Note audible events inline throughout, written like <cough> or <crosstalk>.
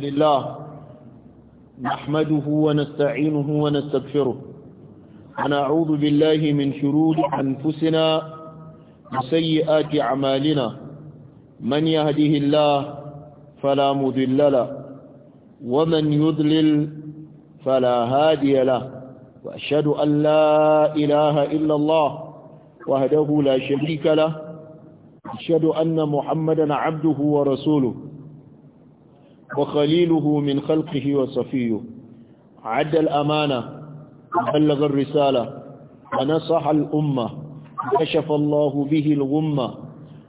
لله نحمده ونستعينه ونستغفره ونعوذ بالله من شرور أنفسنا وسيئات أعمالنا من يهده الله فلا مذل له ومن يذلل فلا هادي له وأشهد أن لا إله إلا الله وهده لا شريك له أشهد أن محمدا عبده ورسوله وخليله من خلقه وصفيه عد الأمانة وبلغ الرسالة ونصح الأمة كشف الله به الغمة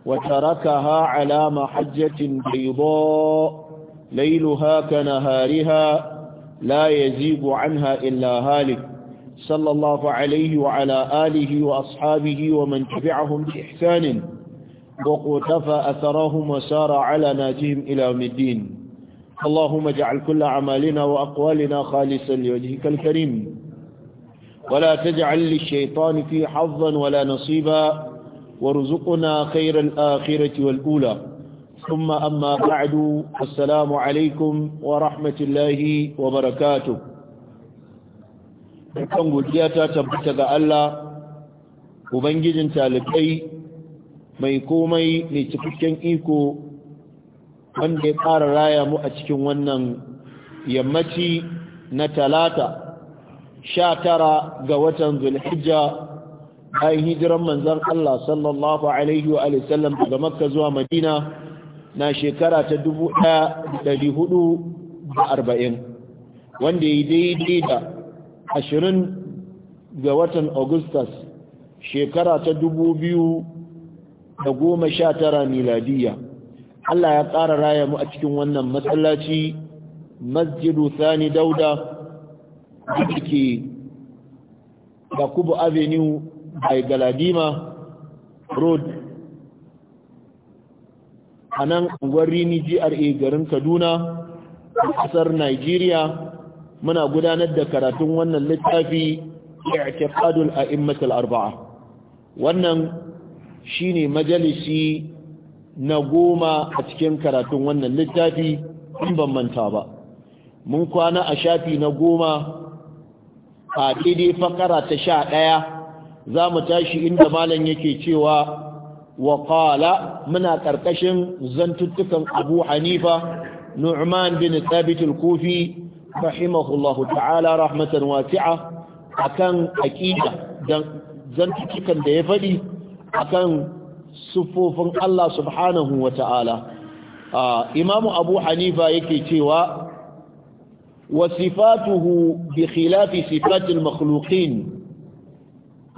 وتركها على محجة بيضاء ليلها كنهارها لا يزيب عنها إلا هالك صلى الله عليه وعلى آله وأصحابه ومن تبعهم بإحسان وقتفى أثرهم وسار على ناجهم إلى مدين اللهم اجعل كل أعمالنا وأقوالنا خالصا لوجهك الكريم ولا تجعل للشيطان في حظا ولا نصيبا وارزقنا خير الآخرة والأولى ثم أما بعد السلام عليكم ورحمة الله وبركاته kan godiya ta tabbata ga Allah ubangijin talibai mai komai mai cikakken iko wanda ya ƙara raya mu a cikin wannan yammaci na talata sha tara ga watan zulhijja bayan hijiran manzan Allah sallallahu Alaihi wa sallam daga makka zuwa madina na shekara ta dubu arba'in, wanda ya daidai da ashirin ga watan augustus shekara ta dubu da goma sha tara miladiyya Allah ya ƙara raya mu a cikin wannan matsalaci masjidu sani dauda da ke yakubu avenue by galadima road a nan unguwar rini gra garin kaduna a ƙasar nigeria muna gudanar da karatun wannan littafi a a'immatul arba'a wannan shine majalisi na goma a cikin karatun wannan littafi in ban manta ba mun kwana a shafi na goma a daidai fakara ta sha ɗaya za mu tashi inda malam yake cewa wa muna ƙarƙashin zantuttukan abu hanifa nu'man bin thabit kofi rahimahullahu ta'ala rahmatan wasi'a akan aqida dan da ya faɗi akan sufofin Allah subhanahu wa ta'ala imamu abu hanifa yake cewa wa sifatuhu bi khilafi sifatil makhluqin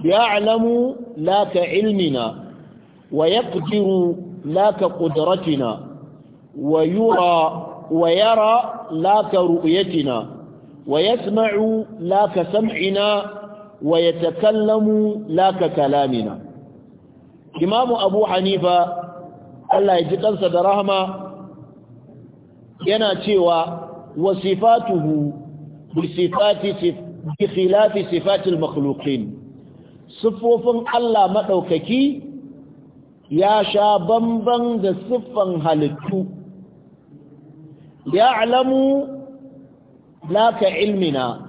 ya'lamu la ka ilmina wa yaqdiru la ka ƙudratina wa yura wa yara laka ka wa yasma'u la sam'ina wa yatakallamu la kalamina imamu abu hanifa Allah ya ji kansa da rahama yana cewa wasifatuhu bisifati bi khilafi sifatil makhluqin siffofin Allah madaukaki ya sha bamban da siffan halittu ya'lamu laka ilmina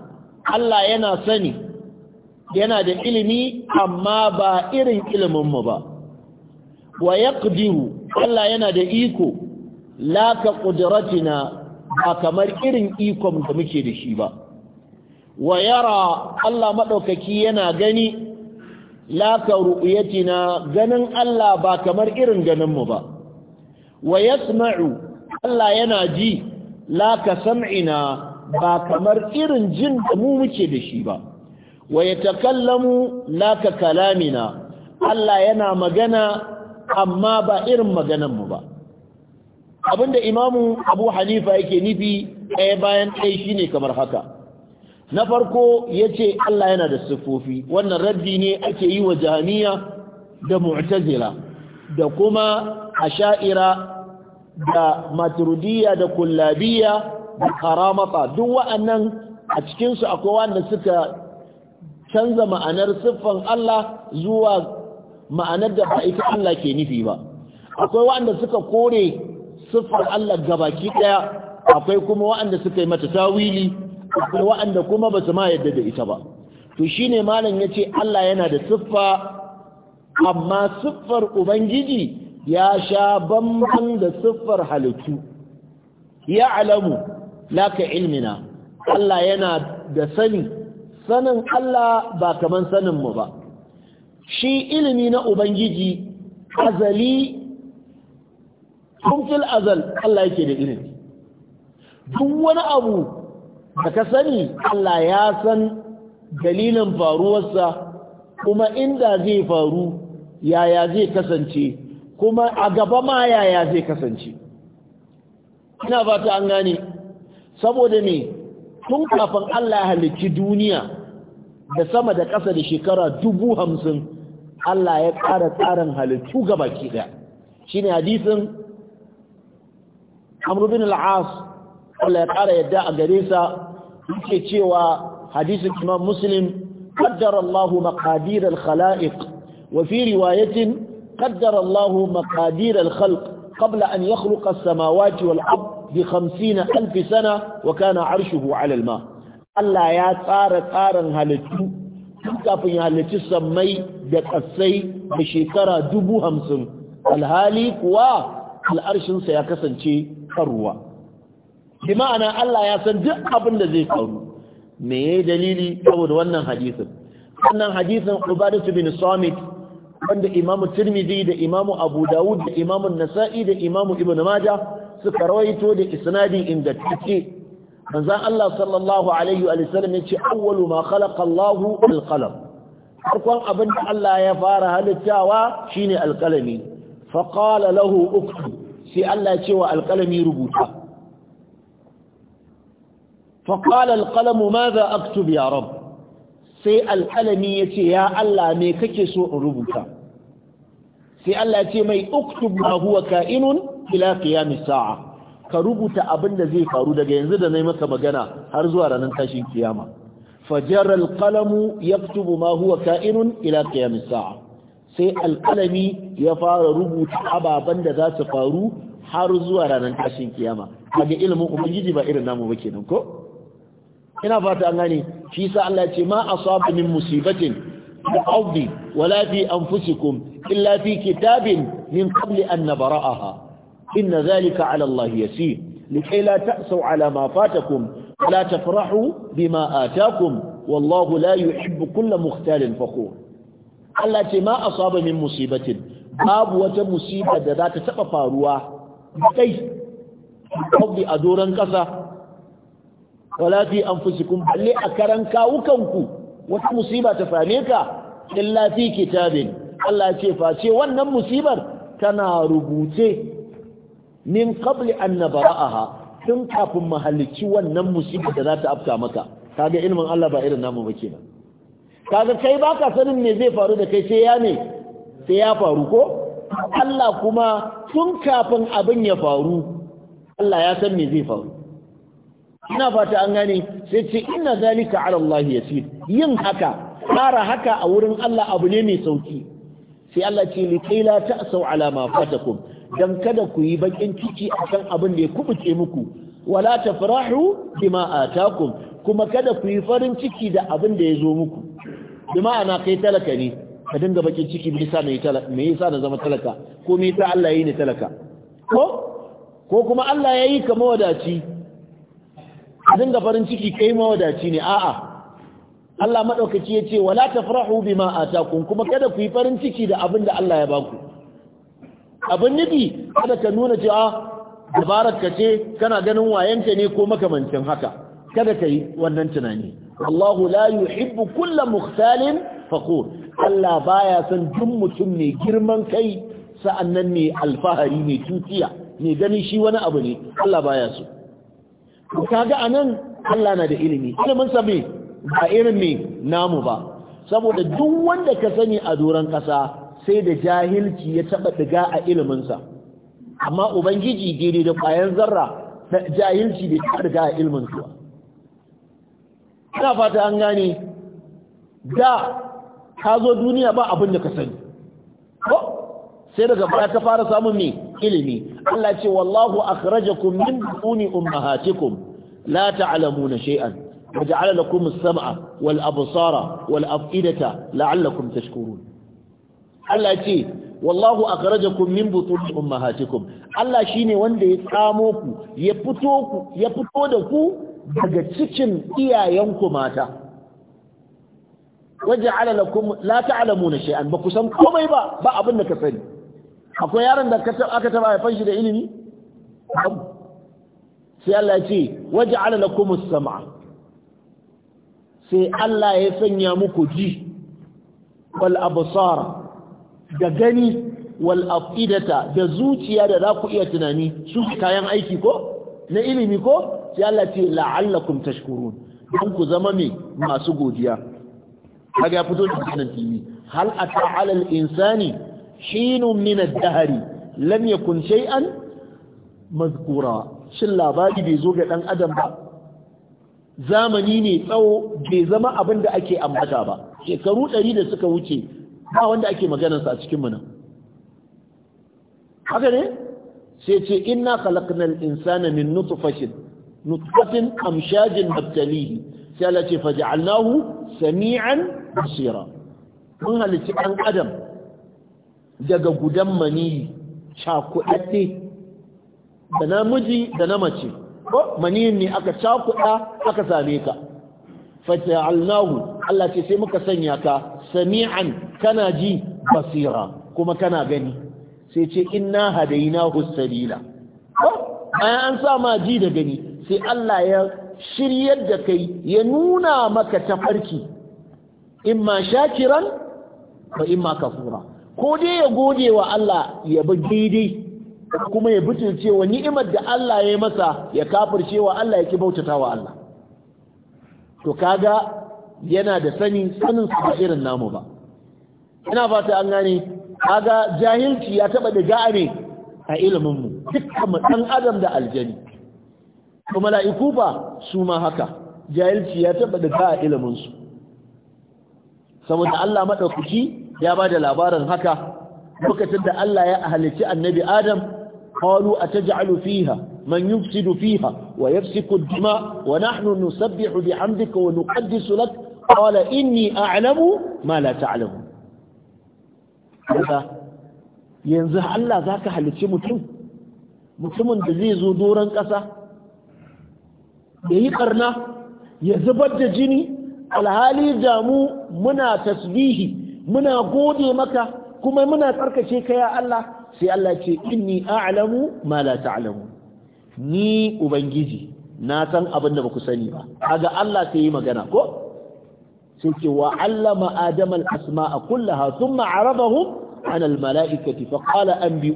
Allah yana sani yana da ilimi amma ba irin ilimin mu ba wa yaqdiru Allah yana da iko la ka qudratina ba kamar irin ikon da muke da shi ba wa yara Allah madaukaki yana gani la ka ru'yatina ganin Allah ba kamar irin ganin mu ba wa yasma'u Allah yana ji la ka sam'ina ba kamar irin jin da mu muke da shi ba wa yatakallamu la ka kalamina Allah yana magana amma ba irin maganan mu ba abinda imamu abu hanifa yake nufi ɗaya bayan ɗaya shi ne kamar haka na farko ya ce Allah yana da siffofi wannan rabbi ne ake yi wa jami'a da mu'tazila da kuma a shaira da maturidiyya da kullabiyya da karamata duk wa'annan a cikinsu akwai wanda suka canza ma'anar siffan Allah zuwa ma'anar da ba ita Allah ke nufi ba akwai waɗanda suka kore siffar Allah gabaki ɗaya. akwai kuma waɗanda suka yi mata tawili akwai waɗanda kuma ba su ma yadda da ita ba to shine malam yace Allah yana da siffa amma siffar ubangiji ya sha bamban da siffar halittu ya alamu laka ilmina Allah yana da sani sanin Allah ba kaman sanin mu ba shi ilimi na ubangiji azali kumfil azal Allah yake da ilimi duk wani abu da ka sani Allah ya san dalilin faruwarsa kuma inda zai faru yaya zai kasance kuma a gaba ma yaya zai kasance ina fata an gane saboda ne tun kafin Allah ya halicci duniya da sama da ƙasa da shekara dubu hamsin Allah ya ƙara tsarin halittu ga baki ɗaya shi ne hadisin amurubin al'as Allah ya a gare sa yake cewa hadisin imam muslim ƙaddar Allah maƙadir al-khala'iq wa fi riwayatin ƙaddar Allah maƙadir al-khalq qabla an yakhluqa as-samawati wal-ard bi 50 alf sana wa kana 'arshuhu 'ala al-ma' Allah ya tsara tsarin halittu tun kafin ya halitti sammai da ƙasai da shekara dubu hamsin alhali kuwa al'arshinsa ya kasance kan ruwa bi ma'ana Allah ya san duk abin da zai faru me ya dalili saboda wannan hadisin wannan hadisin ubadatu bin samit wanda imamu tirmidhi da imamu abu dawud da imamu nasa'i da imamu ibn majah suka rawaito da isnadi ingantacce manzon Allah sallallahu alaihi wa sallam yace awwalu ma khalaqa Allahu al-qalam farkon abin da Allah ya fara halittawa shine alqalami fa qala lahu uktub sai Allah ya ce wa alqalami rubuta fa qala alqalamu madha aktub ya rab sai alqalami yace ya Allah me kake so in rubuta sai Allah ya ce mai uktub ma huwa ka'inun ila qiyamis sa'a ka rubuta abin da zai faru daga yanzu da na maka magana har zuwa ranar tashin kiyama fajar ya yaktubu ma huwa ka'inun ila qiyam sai alƙalami ya fara rubuta ababan da za su faru har zuwa ranar tashin kiyama kaga ilimin ubangiji ba irin namu ba kenan ko ina fata an gane shi sa Allah ce ma asaba min musibatin fi wala fi anfusikum illa fi kitabin min qabli an nabra'aha inna zalika ala Allah yasir likai la ta'sau ala ma fatakum la tafrahu bima atakum wallahu la yuhibbu kulla mukhtalin fakhur Allah ce ma asaba min musibatin babu wata musiba da za ta taba faruwa kai kawai a doron kasa wala fi anfusikum balle a karan kawukanku wata musiba ta same ka illa fi kitabin Allah ce face wannan musibar tana rubuce min qabli an nabara'aha tun kafin mu halicci wannan musiba da za ta afka maka kaga ilmin Allah ba irin namu ba kenan kaga kai baka sanin me zai faru da kai sai ya ne sai ya faru ko Allah kuma tun kafin abin ya faru Allah ya san me zai faru ina fata an gane sai ce inna zalika ala Allah yasir yin haka fara haka a wurin Allah abu ne mai sauki sai Allah ce kai la ta'sau ala ma fatakum dan kada ku yi bakin ciki akan abin da ya kubuce muku wala tafrahu bima atakum kuma kada ku yi farin ciki da abin da ya zo muku bima ana kai talaka ne ka dinga bakin ciki me yi sa talaka me yasa na zama talaka ko me sa Allah yayi ni talaka ko ko kuma Allah yayi ka mawadaci ka dinga farin ciki kai mawadaci ne a'a Allah madaukaki yace wala tafrahu bima atakum kuma kada ku yi farin ciki da abin da Allah ya baku abin nufi kada ka nuna cewa dabarar ka ce kana ganin wayanka ne ko makamancin haka kada ka yi wannan tunani Allahu la yuhibbu kulla mukhtalin fakhur Allah baya son duk mutum ne girman kai sa'annan ne alfahari mai tutiya ne ganin shi wani abu ne Allah baya so kaga anan Allah na da ilimi ilimin sa me ba irin me namu ba saboda duk wanda ka sani a doran kasa sai da jahilci ya taɓa ɗiga a iliminsa amma ubangiji daidai da ƙwayan zarra da jahilci da taɓa ɗiga a iliminsa ba ina fata an gane da ka zo duniya ba abin da ka sani ko sai daga baya ka fara samun me ilimi Allah ce wallahu akhrajakum min butuni ummahatikum la ta'lamuna shay'an waja'ala lakum as-sam'a wal absara wal af'idata la'allakum tashkurun Allah ce wallahu akhrajakum min butun ummahatikum Allah shine wanda ya tsamo ku ya fito ku ya fito da ku daga cikin iyayenku mata waja'ala lakum la ta'lamuna shay'an ba ku san komai ba ba abin da ka sani akwai yaron da aka taba haifan shi da ilimi sai Allah ya ce waja'ala lakum as-sam'a sai Allah ya sanya muku ji wal absara da gani wal afidata da zuciya da za ku iya tunani su kayan aiki ko na ilimi ko sai Allah ce la'allakum tashkurun don ku zama mai masu godiya kaga ya fito da nan TV hal ata ala al insani hinun min ad-dahr lam yakun shay'an mazkura shin labari bai zo ga dan adam ba zamani ne tsawo bai zama abin da ake ambata ba shekaru 100 da suka wuce ba wanda ake maganarsa a cikin nan haka ne sai ce inna khalaqnal insana min nutfatin nutfatin amshajin nabtalihi sai Allah ce faj'alnahu sami'an basira mun halici ɗan adam daga gudan maniyi cakuɗaɗɗe da namiji da na mace ko maniyin ne aka cakuɗa aka same ka faj'alnahu Allah ce sai muka sanya ka sami'an kana ji basira kuma kana gani sai ce inna hadainahu sabila bayan an sa ma ji da gani sai Allah ya shiryar da kai ya nuna maka tafarki imma shakiran wa imma kafura ko dai ya gode wa Allah ya bi daidai kuma ya butulce wa ni'imar da Allah ya yi masa ya kafirce wa Allah ya ki bautata wa Allah to kaga yana da sani sanin su ba irin namu ba ina fata an gane kaga jahilci ya taba da gane a ilimin mu dukkan mu dan adam da aljani kuma mala'iku ba su ma haka jahilci ya taba da ga ilimin su saboda Allah madaukaki ya ba da labarin haka lokacin da Allah ya halicci annabi Adam qalu ataj'alu fiha man yufsidu fiha wa yafsiku ad-dima wa nahnu nusabbihu bihamdika wa nuqaddisu lak qala inni a'lamu ma la ta'lamu yanzu Allah zaka halarci mutum mutumin da zai zo doron ƙasa ya yi ƙarna ya zubar da jini alhali damu muna tasbihi muna gode maka kuma muna tsarkace ka ya Allah sai Allah ce inni a'lamu ma la ta'lamu ni ubangiji na san abin da baku sani ba kaga Allah sai yi magana ko sai ce wa allama adama al-asma'a kullaha thumma arabahum ala al-mala'ikati fa kala an bi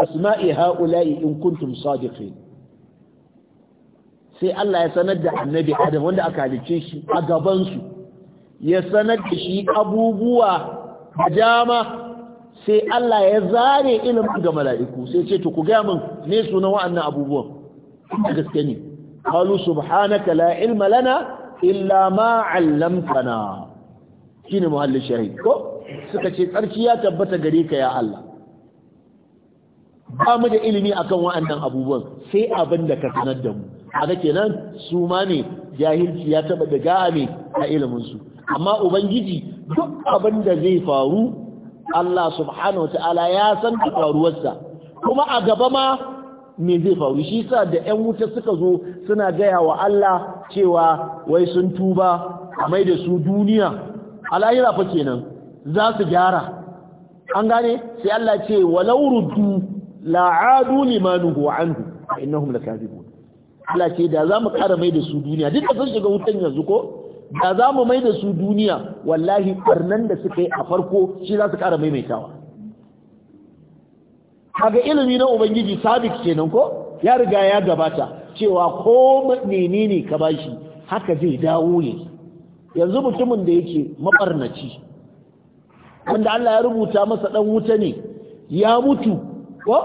asma'i ha'ula'i in kuntum sadiqin sai Allah ya sanar da annabi Adam wanda aka halice shi a gabansu ya sanar da shi abubuwa da dama sai Allah ya zare ilimin ga mala'iku sai ce to ku ga min ne sunan wa'annan abubuwan gaske ne qalu subhanaka la ilma lana illa ma 'allamtana shine muhallin shahid ko suka ce tsarki ya tabbata gare ka ya Allah ba mu da ilimi akan wa'annan abubuwan sai abin da ka sanar da mu haka kenan su ma ne jahilci ya taba daga ne a ilimin su amma ubangiji duk abin da zai faru Allah subhanahu ta'ala ya san faruwarsa kuma a gaba ma me zai faru shi sa da 'yan wuta suka zo suna gaya wa Allah cewa wai sun tuba a mai da su duniya al'ahira fa kenan za su gyara an gane sai Allah ce walau ruddu la'adu limanuhu anhu innahum lakazibun Allah ce da zamu kara mai da su duniya duk da sun shiga wutan yanzu ko da zamu mai da su duniya wallahi barnan da suka yi a farko shi za su kara maimaitawa kaga ilimi na ubangiji sabik kenan ko ya riga ya gabata cewa ko ne ka bashi haka zai dawo ne yanzu mutumin da yake mabarnaci wanda Allah ya rubuta masa dan wuta ne ya mutu ko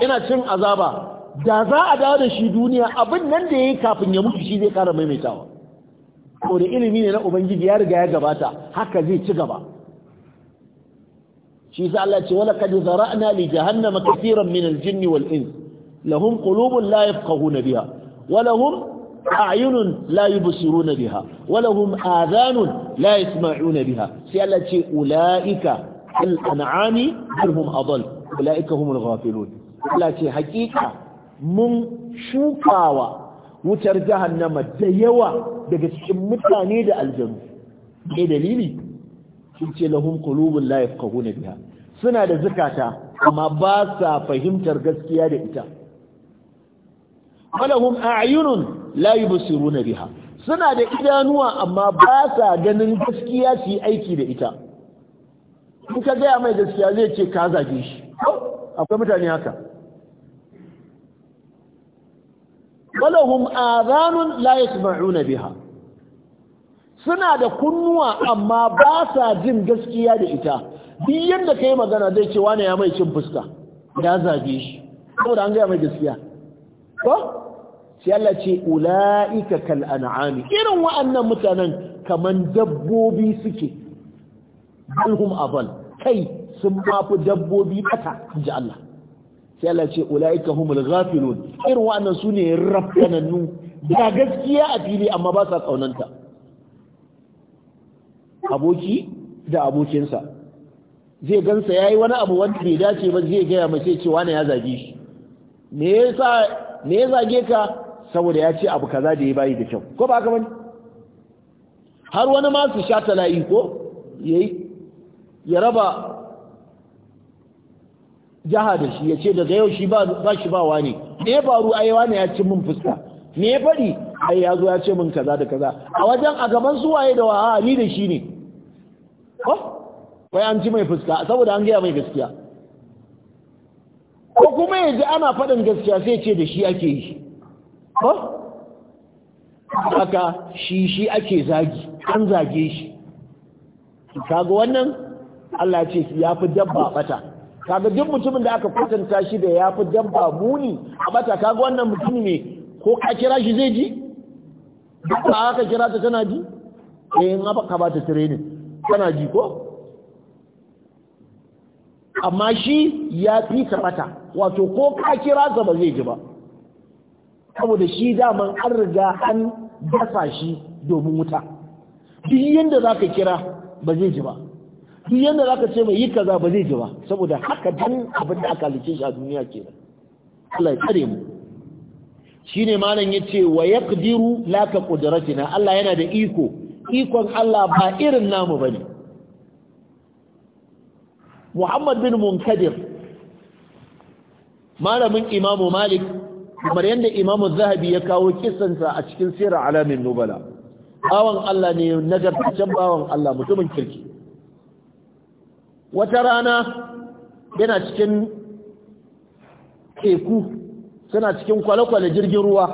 yana cin azaba da za a dawo da shi duniya abin nan da yayi kafin ya mutu shi zai kara maimaitawa ko da ilimi ne na ubangiji ya riga ya gabata haka zai ci gaba shi sa Allah ce wala kad zara'na li jahannama kaseeran min al-jinn wal ins lahum qulubun la yafqahuna biha wa lahum a'yunun la yubsiruna biha wa lahum adhanun la yasma'una biha sai Allah ce ulaika al an'ami hum adall ulaika humul ghafilun Allah ce hakika mun shukawa wutar jahannama da yawa daga cikin mutane da aljanu ke dalili sun ce lahum qulubun la yafqahuna biha suna da zikata amma ba sa fahimtar gaskiya da ita malahum a'yunun la yubsiruna biha suna da idanuwa amma ba sa ganin gaskiya su yi aiki da ita in ka gaya mai gaskiya zai ce ka zage shi oh, akwai mutane haka walahum azanun la yasma'una biha suna da kunnuwa amma ba sa jin gaskiya da ita duk yanda kai magana zai ce wani ya mai cin fuska ya zage shi saboda an gaya mai gaskiya ko sai Allah ce ula'ika kal an'ami irin wa'annan mutanen kaman dabbobi suke balhum abal kai sun mafi dabbobi bata inji Allah sai Allah ce ula'ika humul ghafilun irin wa'annan ne rafanannu da gaskiya a fili amma ba sa tsaunanta aboki da abokinsa zai gansa ya yi wani abu wanda bai dace ba zai gaya mai sai cewa ne ya zage shi me yasa me ya zage ka saboda ya ce abu kaza da ya bayi da kyau ko ba ka bane har wani ma su sha tala'i ko yayi ya raba jaha da shi ya ce daga yau shi ba shi ba wani me ya faru ai wani ya ci min fuska me ya faɗi ai ya zo ya ce min kaza da kaza a wajen a gaban su waye da wa ni da shi ne ko wai an ci mai fuska saboda an gaya mai gaskiya ko kuma ya ji ana faɗin gaskiya sai ce da shi ake yi ko aka shi shi ake zagi an zage shi kaga wannan Allah ce ya fi dabba bata kaga duk mutumin da aka kwatanta shi da ya fi dabba muni a bata kaga wannan mutum ne ko ka kira shi zai ji duk ba aka kira ta tana ji eh in aka ba ta training tana ji ko amma shi ya fi ta bata wato ko ka kira ta ba zai ji ba saboda shi daman an riga an dafa shi domin wuta duk yanda za ka kira ba zai ji ba duk yanda za ka ce mai yi kaza ba zai ji ba saboda haka dan abin da aka halice shi a duniya kenan Allah ya tsare mu Shi ne malam yace wa yaqdiru laka qudratina Allah yana da iko ikon Allah ba irin namu bane Muhammad bin Munkadir malamin Imam Malik kamar yadda imam zahabi ya kawo kisansa a cikin sirar alamin nubala bawan Allah ne nagartaccen bawan Allah mutumin kirki wata rana yana cikin teku suna cikin kwale-kwale jirgin ruwa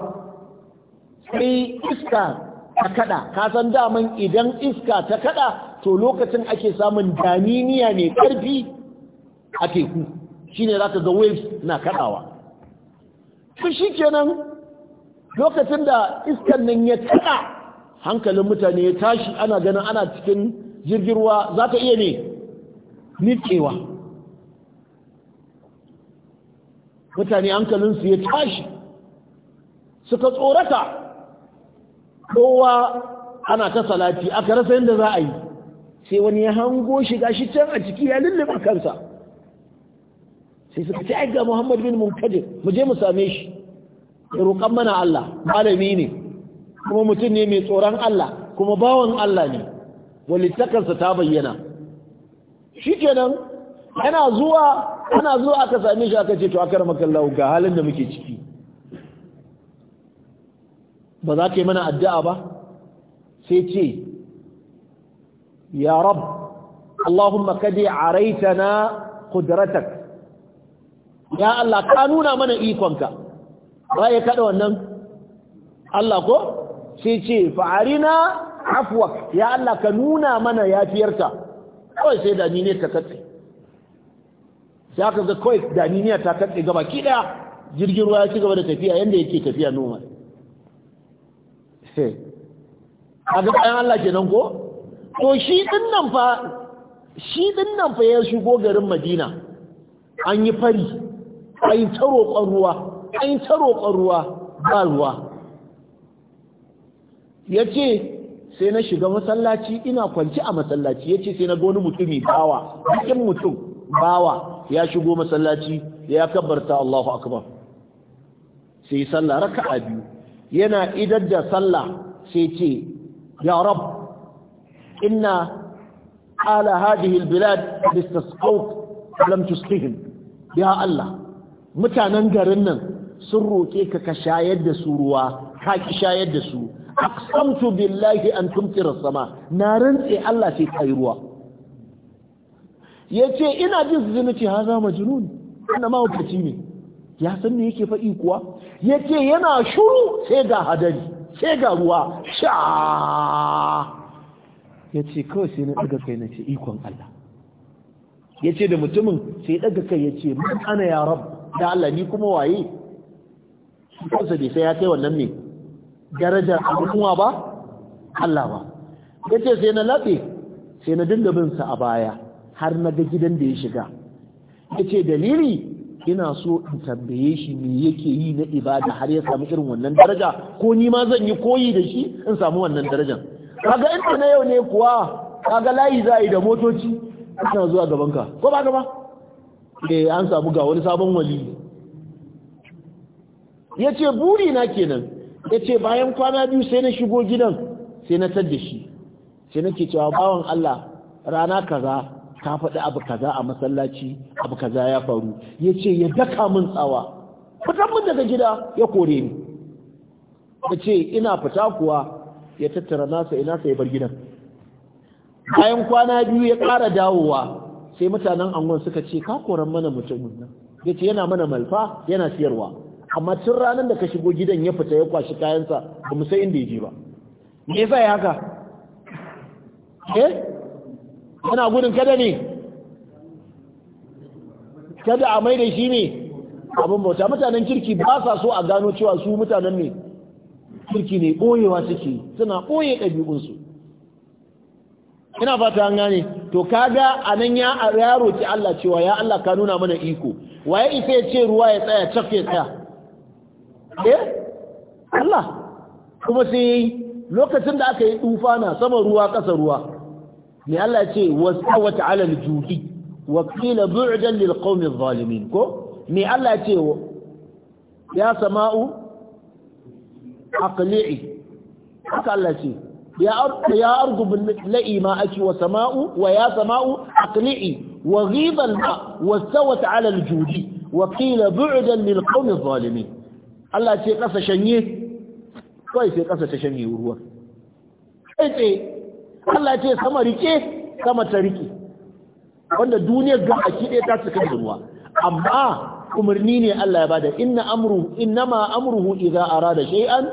sai iska ta kada kasan daman idan iska ta kada to lokacin ake samun daniniya mai karfi a teku shine za ka ga waves na kadawa to shi kenan lokacin da iskan nan ya taɗa hankalin mutane ya tashi ana ganin ana cikin jirgin ruwa za ka iya ne nitsewa mutane hankalinsu ya tashi suka tsorata kowa ana ta salati aka rasa yadda za a yi sai wani ya hango shiga shi can a ciki ya a kansa sai suka ce ga Muhammad bin Munkadir mu je mu same shi ya roƙan mana Allah malami ne kuma mutum ne mai tsoron Allah kuma bawan Allah ne walittakarsa ta bayyana shikenan yana zuwa zuwa aka same shi aka ce to aka ramaka Allah ga halin da muke ciki ba za ka yi mana addu'a ba sai ce ya rab Allahumma kadi araitana qudratak ya Allah ka nuna mana ikonka waye kada wannan Allah ko sai ce fa'arina afwa ya Allah ka nuna mana yafiyarka kawai sai da ni ne ta katse sai aka ga kawai da ni ne ta katse gaba ki da jirgin ruwa ya ci gaba da tafiya yanda yake tafiya noma sai a ga bayan Allah kenan ko to shi din nan fa shi din nan fa ya shigo garin Madina an yi fari a yi ta roƙon ruwa a yi ta roƙon ruwa ba ruwa ya ce sai na shiga masallaci ina kwanci a masallaci ya ce sai na ga wani mutumi bawa cikin mutum bawa ya shigo masallaci ya kabarta Allahu akbar sai sallah a biyu yana idar da sallah sai ce ya rab inna ala hadihil bilad listasqawt lam tusqihim ya Allah mutanen garin nan sun roƙe ka ka shayar da su ruwa ka ki shayar da su aqsamtu billahi an tumtira sama na rantse Allah sai kai ruwa yace ina jin su ha za majnun ina ma hukaci ne ya san me yake faɗi kuwa yace yana shuru sai ga hadari sai ga ruwa sha yace kawai sai na daga kai na ce ikon Allah yace da mutumin sai daga kai yace mun ana ya rabb da Allah ni kuma waye shi kansa bai sai ya kai wannan ne darajar al'umma ba Allah ba yace sai na labe sai na dinga bin sa a baya har na ga gidan da ya shiga yace dalili ina so in tambaye shi me yake yi na ibada har ya samu irin wannan daraja ko ni ma zan yi koyi da shi in samu wannan darajar kaga in na yau ne kuwa kaga layi za a yi da motoci ina zuwa gaban ka ko ba gaba eh an samu ga wani sabon wali ya ce buri na kenan ya ce bayan kwana biyu sai na shigo gidan sai na tadda shi sai na nake cewa bawan Allah rana kaza ta faɗi abu kaza a masallaci abu kaza ya faru ya ce ya daka min tsawa fitar min daga gida ya kore ni ya ce ina fita kuwa ya tattara nasa ina sa ya bar gidan bayan kwana biyu ya ƙara dawowa sai mutanen angon suka ce ka koran mana mutumin nan ya ce yana mana malfa yana siyarwa amma tun ranar da ka shigo gidan ya fita ya kwashi kayansa ba mu inda ya je ba me yasa ya haka eh yana gudun kada ne kada a mai da shi ne abin bauta mutanen kirki ba sa so a gano cewa su mutanen ne kirki ne boyewa suke suna ɓoye ɗabi'unsu ina fata an gane to kaga anan ya yaro roki Allah cewa ya Allah ka nuna mana iko waye isa ya ce ruwa ya tsaya cafe tsaya eh Allah kuma sai lokacin da aka yi na sama ruwa ƙasa ruwa ne Allah ya ce wastawat ala al juhi wa qila bu'dan lil qawmi adh-dhalimin ko ne Allah ya ce ya sama'u aqli'i haka Allah ce ya ardu la'i ma aki wa sama'u wa ya sama'u aqli'i wa ghiba al-ma wa sawat 'ala al-judi wa qila bu'dan lil qawmi adh-dhalimin Allah ce kasa shanye kai sai kasa ta shanye ruwa kai ce Allah ce sama rike sama ta rike wanda duniyar ga aki ɗaya ta cika ruwa amma umarni ne Allah ya bada inna amru innama amruhu idza arada shay'an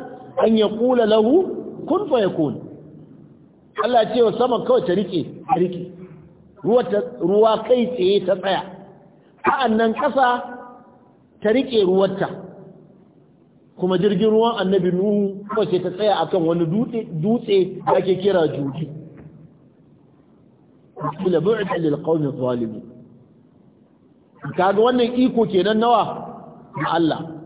an yaqula lahu kun fayakun Allah ce wa sama kawai ta rike ta rike ruwa kai tsaye ta tsaya nan ƙasa ta rike ruwarta kuma jirgin ruwan annabi nuhu kawai ce ta tsaya akan wani dutse da ake kira juji kila bu'da lil kaga wannan iko kenan nawa da Allah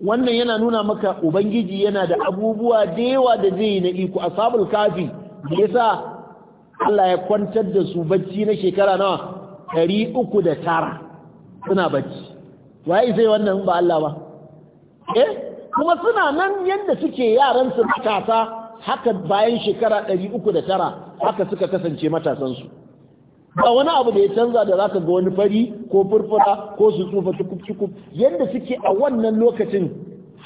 wannan yana nuna maka ubangiji yana da abubuwa da yawa da zai yi na iko asabul kafi da yasa Allah ya kwantar da su bacci na shekara nawa 309 suna bacci waye sai wannan ba Allah ba eh kuma suna nan yanda suke yaran su matasa haka bayan shekara da tara, haka suka kasance matasansu. ba wani abu da ya canza da zaka ga wani fari ko furfura ko su tsufa cikuf yadda suke a wannan lokacin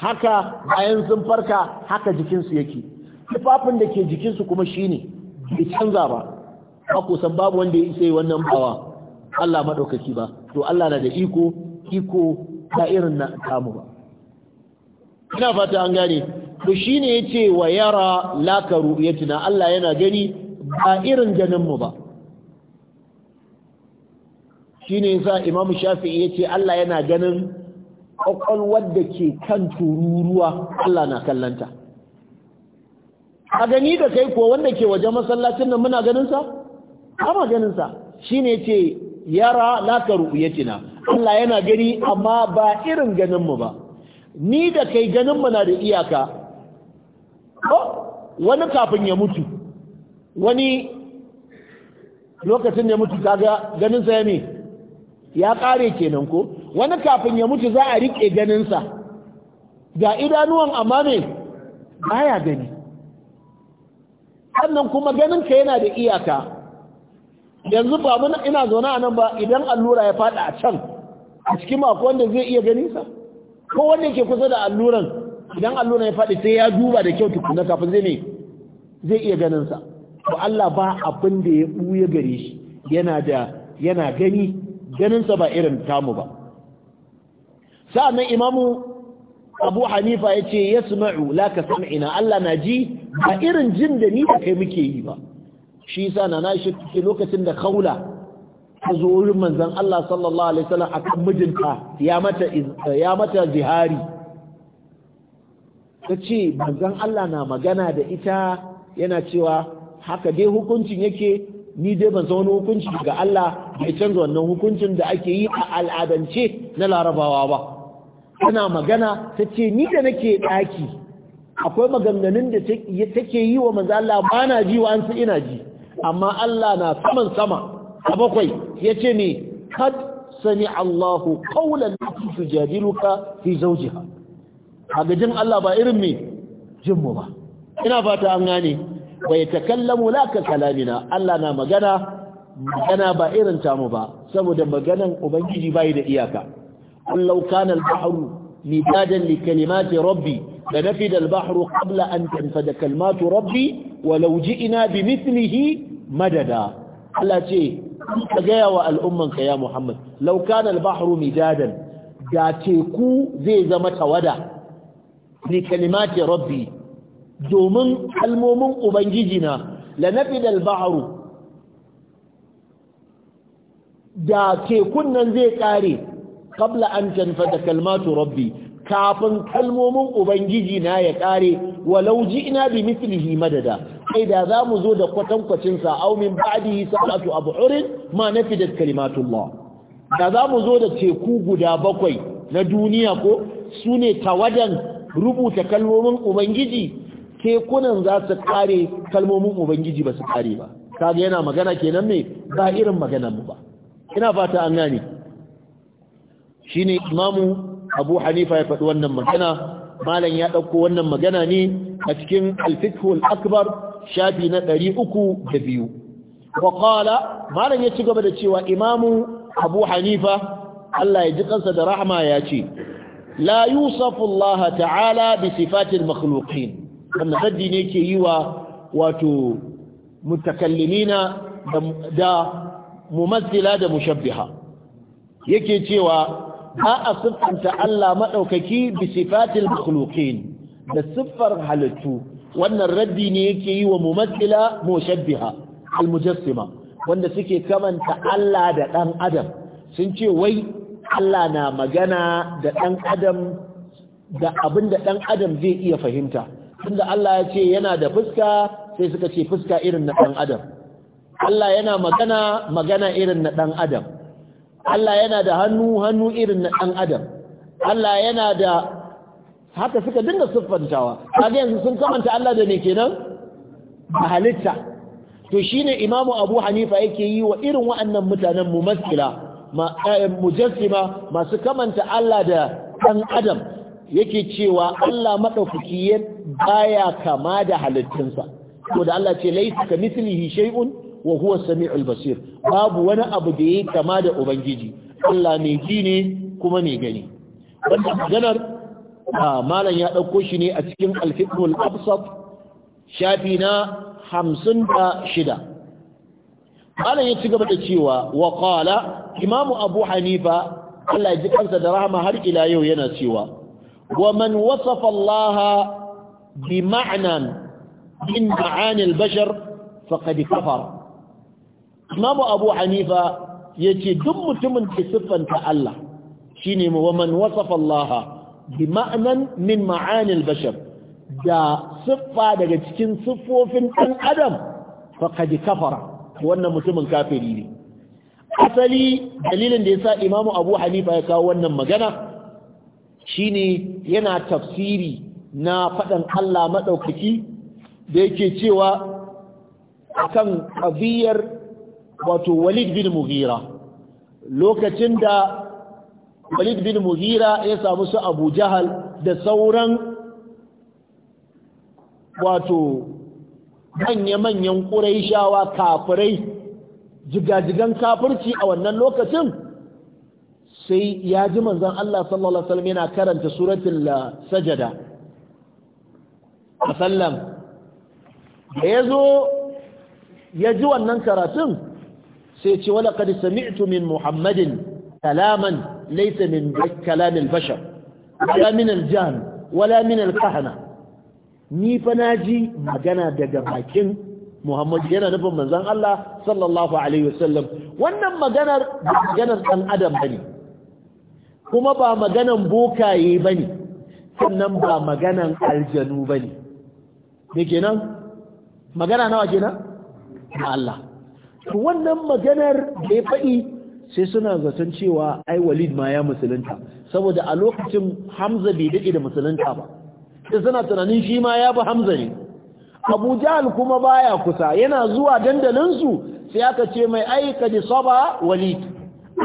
haka bayan sun farka haka jikinsu yake tufafin da ke jikinsu kuma shine bai canza ba ba ku san babu wanda ya isa wannan bawa Allah madaukaki ba to Allah na da iko iko ta irin na kamu ba ina fata an gane to shine yace wa yara lakaru tuna Allah yana gani ba irin ganin mu ba shine yasa Imam Shafi'i yace Allah yana ganin kwakwalwar da ke kan tururuwa Allah na kallanta a gani da kai kuwa wanda ke waje masallacin nan muna ganinsa? amma ganinsa shi ne ce yara laka cina. Allah yana gani amma ba irin ganinmu ba ni da kai ganinmu na da iyaka wani kafin ya mutu wani lokacin ya mutu kaga ganinsa ya ne ya ƙare kenan ko wani kafin ya mutu za a riƙe ganinsa ga idanuwan amma ne baya gani sannan kuma ganinka yana da iyaka yanzu ba ina zaune a nan ba idan allura ya faɗi a can a cikin mako wanda zai iya ganinsa ko wanda yake kusa da alluran idan alluran ya faɗi sai ya duba da kyau tukuna kafin zai ne zai iya ganinsa to Allah ba abin da ya ɓuya gare shi yana da yana gani ganinsa ba irin tamu ba sa'annan imamu abu hanifa ya ce ya sama'u laka sam'ina Allah na ji ba irin jin da ni da kai muke yi ba shi yasa na nashi ke lokacin da kaula ta zo wurin manzan Allah sallallahu alaihi wasallam akan mijinta ya mata ya mata zihari ta ce manzan Allah na magana da ita yana cewa haka dai hukuncin yake ni dai ban san wani hukunci daga Allah bai canza wannan hukuncin da ake yi a al'adance na larabawa ba tana magana ta ce ni da nake daki. akwai maganganun da take yi wa manzo Allah ba na ji wa an sa ina ji amma Allah na saman sama a bakwai ya ce ne kad sani Allahu qawlan lati tujadiluka fi zawjiha hagajin Allah ba irin me mu ba ina fata an gane wa kallan la ka kalamina Allah na magana magana ba irin tamu ba saboda maganan ubangiji bai da iyaka kullau kana al-bahru midadan li kalimati rabbi la nafida al-bahru qabla an tanfada kalimatu rabbi walau ji'na bimithlihi madada Allah ce ka gaya wa al'umman ka ya Muhammad law kana al-bahru midadan da teku zai zama tawada Ni kalimati rabbi domin kalmomin ubangiji na lanafid al-bahru da tekun nan zai kare kabla an tanfada kalmatu rabbi kafin kalmomin ubangiji na ya kare walau ina bi mithlihi madada kai da mu zo da kwatankwacin sa aw min ba'dihi sa'atu ab'urin ma nafidat kalimatullah da za mu zo da teku guda bakwai na duniya ko sune tawadan rubuta kalmomin ubangiji tekunan za su kare kalmomin ubangiji ba su kare ba kaga yana magana kenan me ba irin maganar mu ba ina fata an gane shine imamu abu hanifa ya faɗi wannan magana malam ya ɗauko wannan magana ne a cikin alfikhul akbar shafi na ɗari uku da biyu waƙala malam ya ci gaba da cewa imamu abu hanifa allah ya ji kansa da rahama ya ce la yusufu allah ta'ala bi sifatil makhluqin wannan raddi ne ke yi wa wato mutakallimina da mumazzila da mushabbiha yake cewa ba a siffanta Allah maɗaukaki bi sifatil makhluqin da siffar halittu wannan raddi ne yake yi wa mumazzila mushabbiha almujassima wanda suke kamanta Allah da ɗan adam sun ce wai Allah na magana da dan adam da abinda ɗan adam zai iya fahimta tunda Allah ya ce yana da fuska sai suka ce fuska irin na ɗan adam Allah yana magana magana irin na ɗan adam Allah yana da hannu hannu irin na ɗan adam Allah yana da haka suka dinga siffantawa kaga yanzu sun kamanta Allah da ne kenan a halitta to shine Imam Abu Hanifa yake yi wa irin waɗannan mutanen mumassila eh, mujassima masu kamanta Allah da ɗan adam yake cewa Allah madaukaki baya kama da halittunsa Ko da Allah ce laysa kamithlihi shai'un wa huwa samiul basir babu wani abu da yake kama da ubangiji Allah mai ji ne kuma mai gani wannan maganar malam ya ɗauko shi ne a cikin al-fiqhul absat shafi na shida. malam ya ci gaba da cewa wa qala imamu abu hanifa Allah ya ji kansa da rahama har ila yau yana cewa ومن وصف الله بمعنى من معاني البشر فقد كفر امام ابو حنيفه yace duk mutumin da siffanta Allah shine waman wasafa Allah bi ma'anan min ma'anil bashar da siffa daga cikin siffofin ɗan adam faqad kafara wannan mutumin kafiri ne asali dalilin da yasa imamu Abu Hanifa ya kawo wannan magana shine yana tafsiri na faɗan Allah maɗaukaki da yake cewa kan ƙabiyar wato walid bin mughira lokacin da walid bin mughira ya samu su abu jahal da sauran wato manya-manyan ƙuraishawa kafirai jigajigan kafirci a wannan lokacin sai ya ji manzon Allah sallallahu alaihi wasallam yana karanta suratun uh, sajada a sallam da ya zo ya ji wannan karatun sai ce wala qad sami'tu min muhammadin kalaman laysa min kalam bashar wala min al wala min al ni fa na ji magana daga bakin Muhammadu yana nufin manzan Allah sallallahu alaihi wasallam wannan maganar maganar ɗan adam bane kuma ba maganan bokaye ba ne sannan ba maganan aljanu ba ne me nan, magana nawa nan na Allah wannan maganar da ya faɗi sai suna zaton cewa ai walid ma ya musulunta saboda a lokacin hamza bai daɗe da musulunta ba sai suna tunanin shi ma ya bi hamza ne abu jahal kuma baya kusa yana zuwa dandalinsu sai aka ce mai ai ka soba saba walid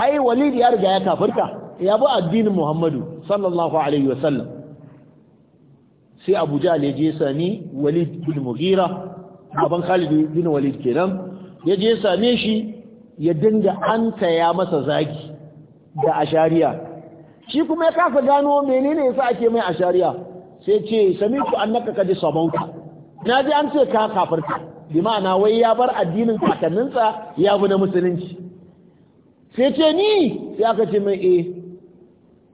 ai walid ya riga ya kafirka ya bi addinin muhammadu sallallahu alaihi wasallam sai abu jahal ya je sani walid bin mughira aban khalid bin walid kenan ya je same shi ya dinga an taya masa zaki da ashariya shi kuma ya kafa gano menene yasa ake mai ashariya sai ce sami ku annaka kaji sabauta na ji an ce ka kafarta bi ma'ana wai ya bar addinin kakanninsa ya bi na musulunci sai ce ni sai aka ce mai eh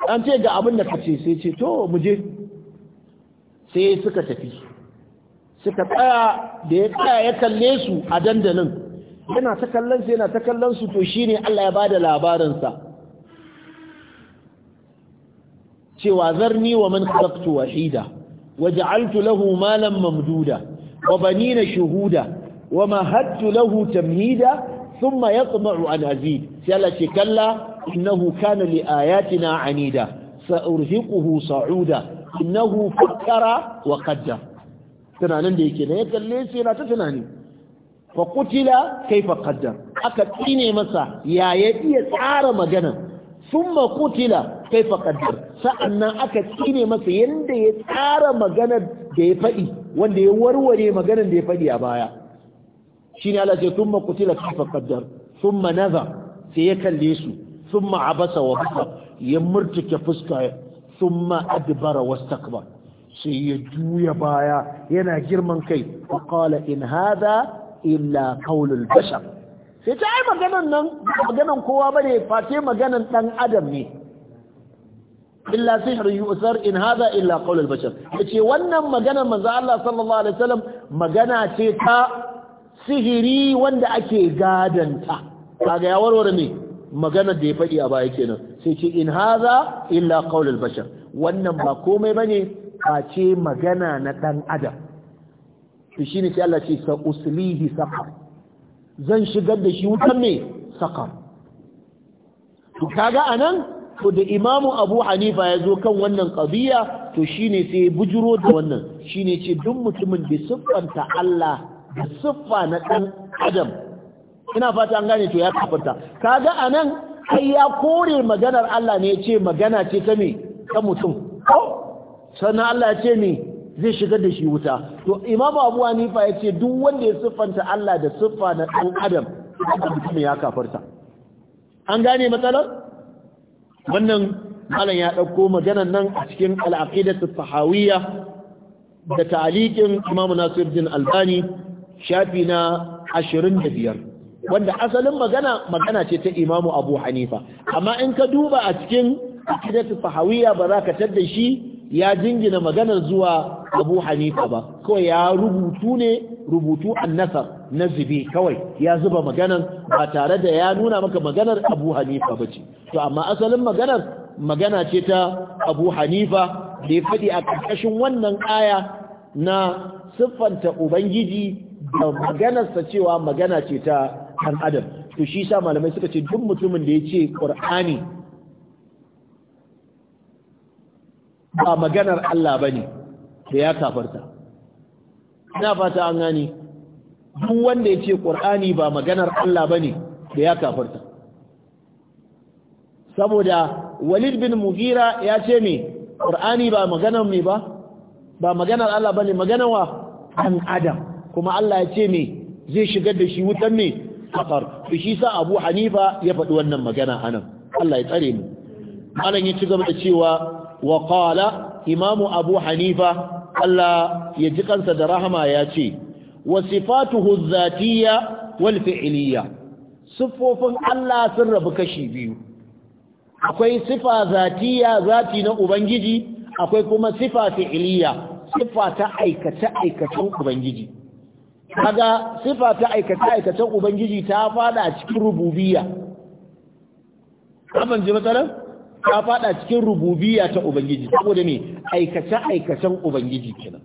an ce ga abin da kace sai ce to mu je sai suka tafi suka tsaya da ya tsaya ya kalle su a dandalin yana ta kallon su yana ta kallon su to shine Allah ya bada labarinsa cewa zarni wa man khalaqtu wahida waj'altu lahu malan mamduda wa banina shuhuda wa mahattu lahu tamhida thumma yatma'u an azid sai Allah ce da yake ne ya kalle sai ta tunani fa qutila kaifa qaddar aka tsine masa ya ya iya tsara magana thumma qutila kaifa qaddar sa'annan aka tsine masa yanda ya tsara magana da ya faɗi wanda ya warware maganar da ya faɗi a baya shine Allah ce thumma qutila kayfa qaddar thumma nadha sai ya kalle su thumma abasa wa basa ya murtuke fuska thumma adbara wastakbar sai ya juya baya yana girman kai fa qala in hadha illa qawlul bashar sai ta ai maganan nan maganan kowa bane face maganan dan adam ne illa sihr yusar in hadha illa qawl al bashar yace wannan magana manzo Allah sallallahu alaihi wasallam magana ce ta sihiri wanda ake gadanta kaga ya warware ne magana da ya faɗi a baya kenan sai ce in haza illa qaulul bashar wannan ba komai bane face magana na dan adam to shine sai Allah ce sa uslihi saqam zan shigar da shi wutan ne saqam to kaga anan to da imamu abu hanifa ya zo kan wannan qadiya to shine sai bujuro da wannan shine ce duk mutumin da siffanta Allah da siffa na ɗan adam ina fata an gane to ya kafarta kaga anan kai ya kore maganar Allah ne ya ce magana ce ta me ta mutum sannan Allah ya ce me zai shigar da shi wuta to imamu abu hanifa ya ce duk wanda ya siffanta Allah da siffa na ɗan adam mutum ya kafarta an gane matsalar wannan malam ya ɗauko maganar nan a cikin al'aqidatu tahawiyya da ta'aliqin Imam Nasiruddin Albani shafi na ashirin da biyar wanda asalin magana magana ce ta imamu abu hanifa amma in ka duba a cikin akidatu fahawiya ba za ka tadda shi ya jingina maganar zuwa abu hanifa ba kawai ya rubutu ne rubutu annasar na zube kawai ya zuba maganar ba tare da ya nuna maka maganar abu hanifa ba ce to amma asalin maganar magana ce ta abu hanifa da ya faɗi a ƙarƙashin wannan aya na siffanta ubangiji maganarsa cewa magana ce ta ɗan adam to shi sa malamai suka ce duk mutumin da ya ce ƙur'ani ba maganar Allah ba ne da ya kafarta ina fata an gani duk wanda ya ce ƙur'ani ba maganar Allah ba ne da ya kafarta saboda walid bin mugira ya ce me ƙur'ani ba maganar mai ba ba maganar Allah ba ne maganar wa ɗan adam kuma Allah ya ce me zai shigar da shi wutan me kafar to shi sa Abu Hanifa ya faɗi wannan magana anan Allah ya tsare mu malam ya ci gaba da cewa wa qala Imam Abu Hanifa Allah ya ji kansa da rahama ya ce wa sifatuhu dhatiyya wal fi'liyya siffofin Allah sun rabu kashi biyu akwai sifa zatiya zati na ubangiji akwai kuma sifa fi'iliya sifa ta aikace aikacen ubangiji kaga sifa ta aikata aikatan ubangiji ta fada a cikin rububiyya abin ji matsala ta fada cikin rububiyya ta ubangiji saboda me aikata aikatan ubangiji kenan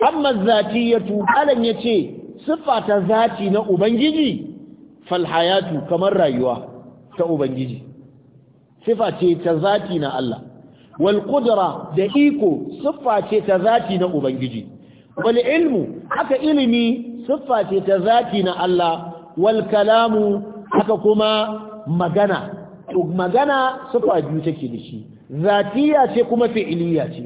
amma zatiyatu alan yace sifa ta zati na ubangiji fal hayatu kamar rayuwa ta ubangiji sifa ce ta zati na Allah wal qudra da iko sifa ce ta zati na ubangiji wal ilmu haka ilimi siffa ce ta zati na Allah wal kalamu haka kuma magana magana siffa biyu take da shi zatiya ce kuma fi'iliya ce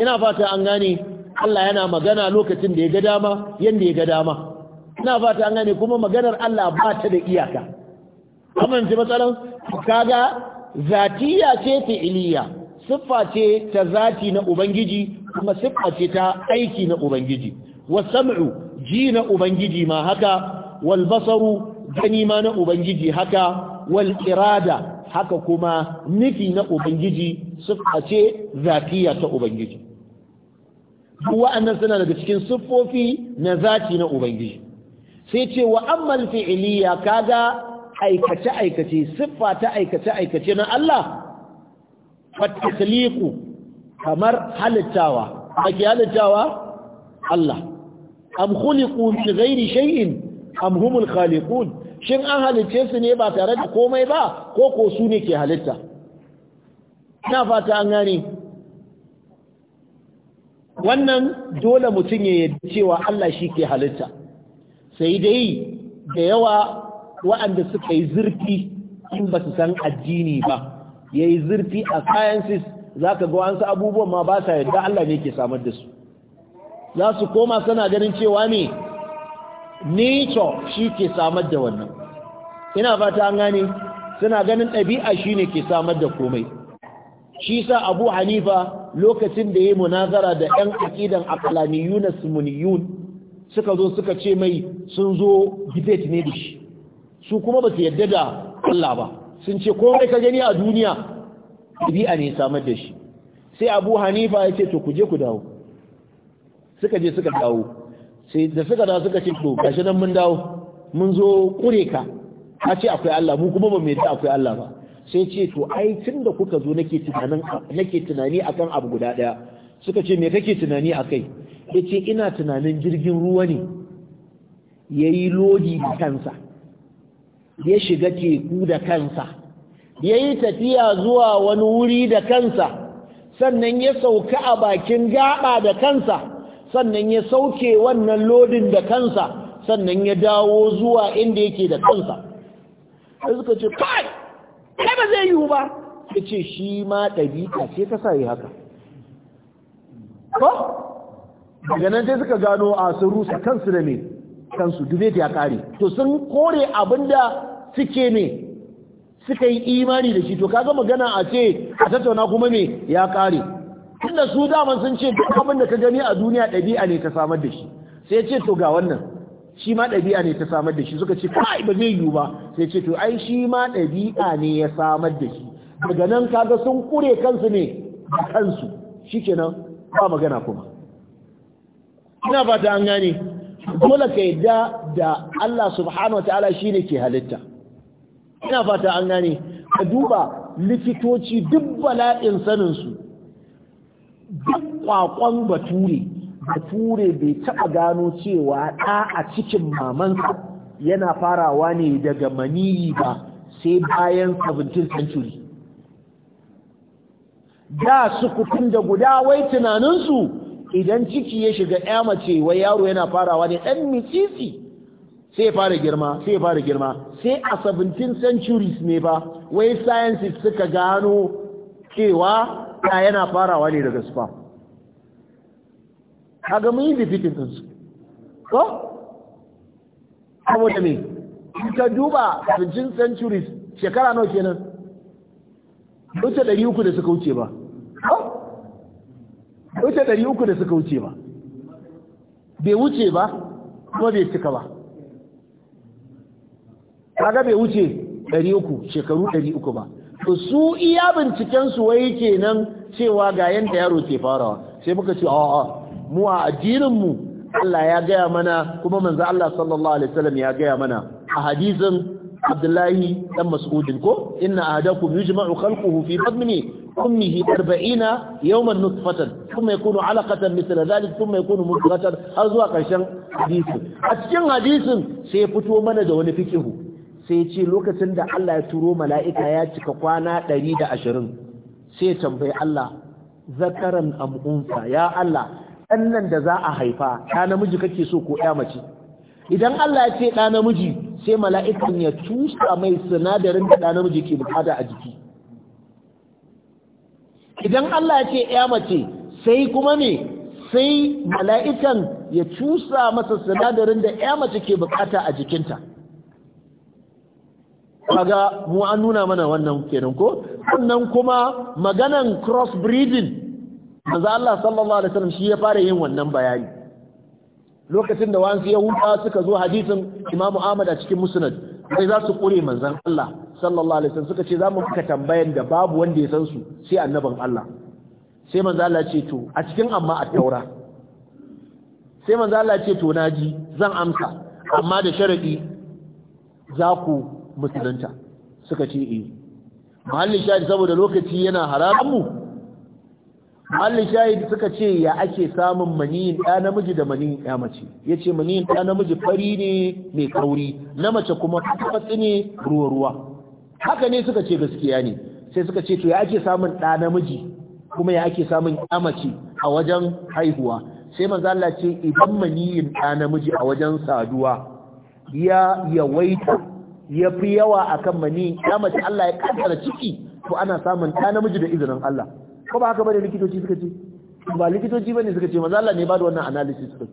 ina fata an gane Allah yana magana lokacin da ya ga dama yanda ya ga dama ina fata an gane kuma maganar Allah ba ta da iyaka in ji matsalan kaga zatiya ce fi'iliya siffa ce ta zati na ubangiji kuma siffa ce ta aiki na ubangiji wasam'u ji na ubangiji ma haka wal basaru gani ma na ubangiji haka wal irada haka kuma nufi na ubangiji siffa ce ta ubangiji wa'annan suna daga cikin siffofi na zati na ubangiji sai ce wa ammal fi'iliya kaga aikace aikace siffa ta aikace aikace na Allah fatasliqu kamar halittawa ake halittawa Allah am khuliqu min ghairi shay'in am humul khaliqun shin an halicce su ne ba tare da komai ba ko ko su ne ke halitta ina fata an gane wannan dole mutum ya yarda cewa Allah shi ke halitta sai dai da yawa waɗanda suka yi zurfi in ba su san addini ba ya yi zurfi a sciences za ka ga wasu abubuwan ma ba sa yadda Allah ne ke samar da su za su koma suna ganin cewa ne nature shi ke samar da wannan ina fata an gane suna ganin ɗabi'a shi ne ke samar da komai shi sa abu hanifa lokacin da ya yi munazara da 'yan aƙidan akalaniyun na simoniyun suka zo suka ce mai sun zo gidet ne da shi su kuma ba su yadda da Allah ba sun ce komai ka gani a duniya ɗabi'a ne samar da shi sai abu hanifa ya ce to ku je ku dawo suka je suka dawo sai da suka dawo suka ce to gashi nan mun dawo mun zo kure ka ka ce akwai Allah mu kuma ba mu yadda akwai Allah ba sai ce to ai tun da kuka zo nake tunanin nake tunani akan abu guda daya suka ce me kake tunani akai yace ina tunanin jirgin ruwa ne yayi lodi da kansa ya shiga teku da kansa ya yi tafiya zuwa wani wuri da kansa sannan ya sauka a bakin gaba da kansa sannan ya sauke wannan lodin da kansa sannan ya dawo zuwa inda yake da kansa sai suka ce kai kai ba zai yiwu ba ya ce shi ma ɗabi'a ce ta sa yi haka ko daga nan sai suka gano a sun rusa kansu da ne kansu dubeta ya kare to sun kore abin da suke ne suka yi imani da shi to kaga magana a ce a tattauna kuma me ya kare tunda su daman sun ce duk abin da ka gani a duniya ɗabi'a ne ta samar da shi sai ce to ga wannan shi ma ɗabi'a ne ta samar da shi suka ce kai ba zai yiwu ba sai ce to ai shi ma ɗabi'a ne ya samar da shi daga nan kaga sun kure kansu ne da kansu shikenan ba magana kuma ina fata an gane dole ka yadda da Allah subhanahu wataala shine ke halitta ina fata an gane ka duba likitoci duk bala'in sanin su duk kwakwan bature bature bai taɓa gano cewa ɗa a cikin mamansa yana farawa ne daga maniyi ba sai bayan 17 century da su kutun da guda wai tunaninsu idan ciki ya shiga ya mace wai yaro yana farawa ne ɗan mitsitsi sai ya fara girma sai ya fara girma sai a 17 centuries ne ba wai sciences suka gano cewa ya yana farawa ne daga A kaga mun yi defeating din su ko saboda me ka duba 17 centuries shekara nawa kenan wuce uku da suka wuce ba wuce uku da suka wuce ba bai wuce ba kuma bai cika ba kaga bai wuce 300 shekaru 300 ba to su iya binciken su wai kenan cewa ga yanda yaro ke farawa sai muka ce a'a mu a addinin mu Allah ya gaya mana kuma manzo Allah sallallahu alaihi wasallam ya gaya mana a hadisin Abdullahi dan Mas'udin ko inna ahadakum yujma'u khalquhu fi badni أمه أربعين يوما نطفة ثم يكون علقة مثل ذلك ثم يكون مدغة هذا هو قشن حديث أتشن حديث سيفتو من دون فكه sai ce lokacin da Allah ya turo mala'ika ya cika kwana ɗari da ashirin sai tambayi Allah zakaran am'unsa ya Allah ɗannan da za a haifa ɗa namiji kake so ko ɗa mace idan Allah ya ce ɗa namiji sai mala'ikan ya tusa mai sinadarin da ɗa namiji ke bukata a jiki idan Allah ya ce 'ya mace sai kuma ne sai mala'ikan ya cusa masa sinadarin da 'ya mace ke bukata a jikinta kaga mu an nuna mana wannan kenan ko sannan kuma maganan cross breeding manzo Allah sallallahu alaihi wasallam shi ya fara yin wannan bayani lokacin da ya huta suka zo hadisin Imam Ahmad a cikin Musnad sai za su kure manzon Allah sallallahu alaihi wasallam suka ce za mu maka tambayan da babu wanda ya san su sai annaban Allah sai manzo Allah ce to a cikin amma a taura sai manzo Allah ce to naji zan amsa amma da sharadi za ku musulunta suka ce eh mahallin shahid saboda lokaci yana haramun mahallin shahid suka ce ya ake samun maniyin ɗa namiji da maniyin ya mace ya ce maniyin ɗa namiji fari ne mai kauri na mace kuma fatsi ne ruwa-ruwa haka ne suka ce gaskiya ne sai suka ce to ya ake samun ɗa namiji kuma ya ake samun ya mace a wajen haihuwa sai manzo Allah ce idan maniyin ɗa namiji a wajen saduwa ya yawaita ya fi yawa a kan mani ya mace Allah ya kasar ciki to ana samun ta namiji da izinin Allah ko ba haka bane likitoci suka ce ba likitoci bane suka ce maza Allah ne ba da wannan analysis din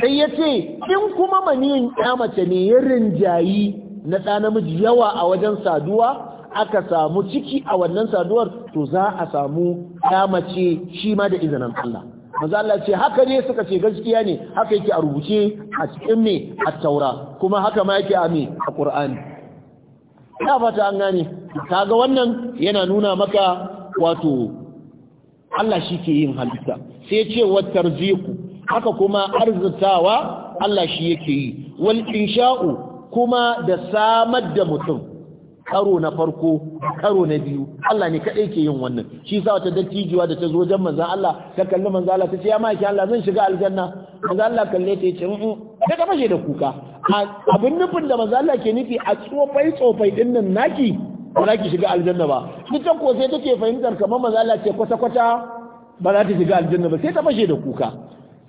sai ya ce in kuma maniyin ya mace ne ya rinjayi na ɗa namiji yawa a wajen saduwa aka samu ciki a wannan saduwar to za a samu ya mace shi ma da izinin Allah manzo Allah ce haka ne suka ce gaskiya ne haka yake a rubuce a cikin me a taura kuma haka ma yake a me a qur'ani ina fata an gane kaga wannan yana nuna maka wato Allah shi ke yin halitta sai ce wa tarziqu haka kuma arzutawa Allah shi yake yi wal insha'u kuma da samar da mutum karo na farko karo na biyu Allah ne kadai ke yin wannan shi sa wata dattijuwa da ta zo wajen manzon Allah ta kalli manzon Allah ta ce ya maki Allah zan shiga aljanna manzon Allah kalle ta ce mu ta ta fashe da kuka abin nufin da manzon Allah ke nufi a tsofai tsofai din nan naki ba za ki shiga aljanna ba ita ko sai take fahimtar kamar manzon Allah ce kwata kwata ba za ta shiga aljanna ba sai ta fashe da kuka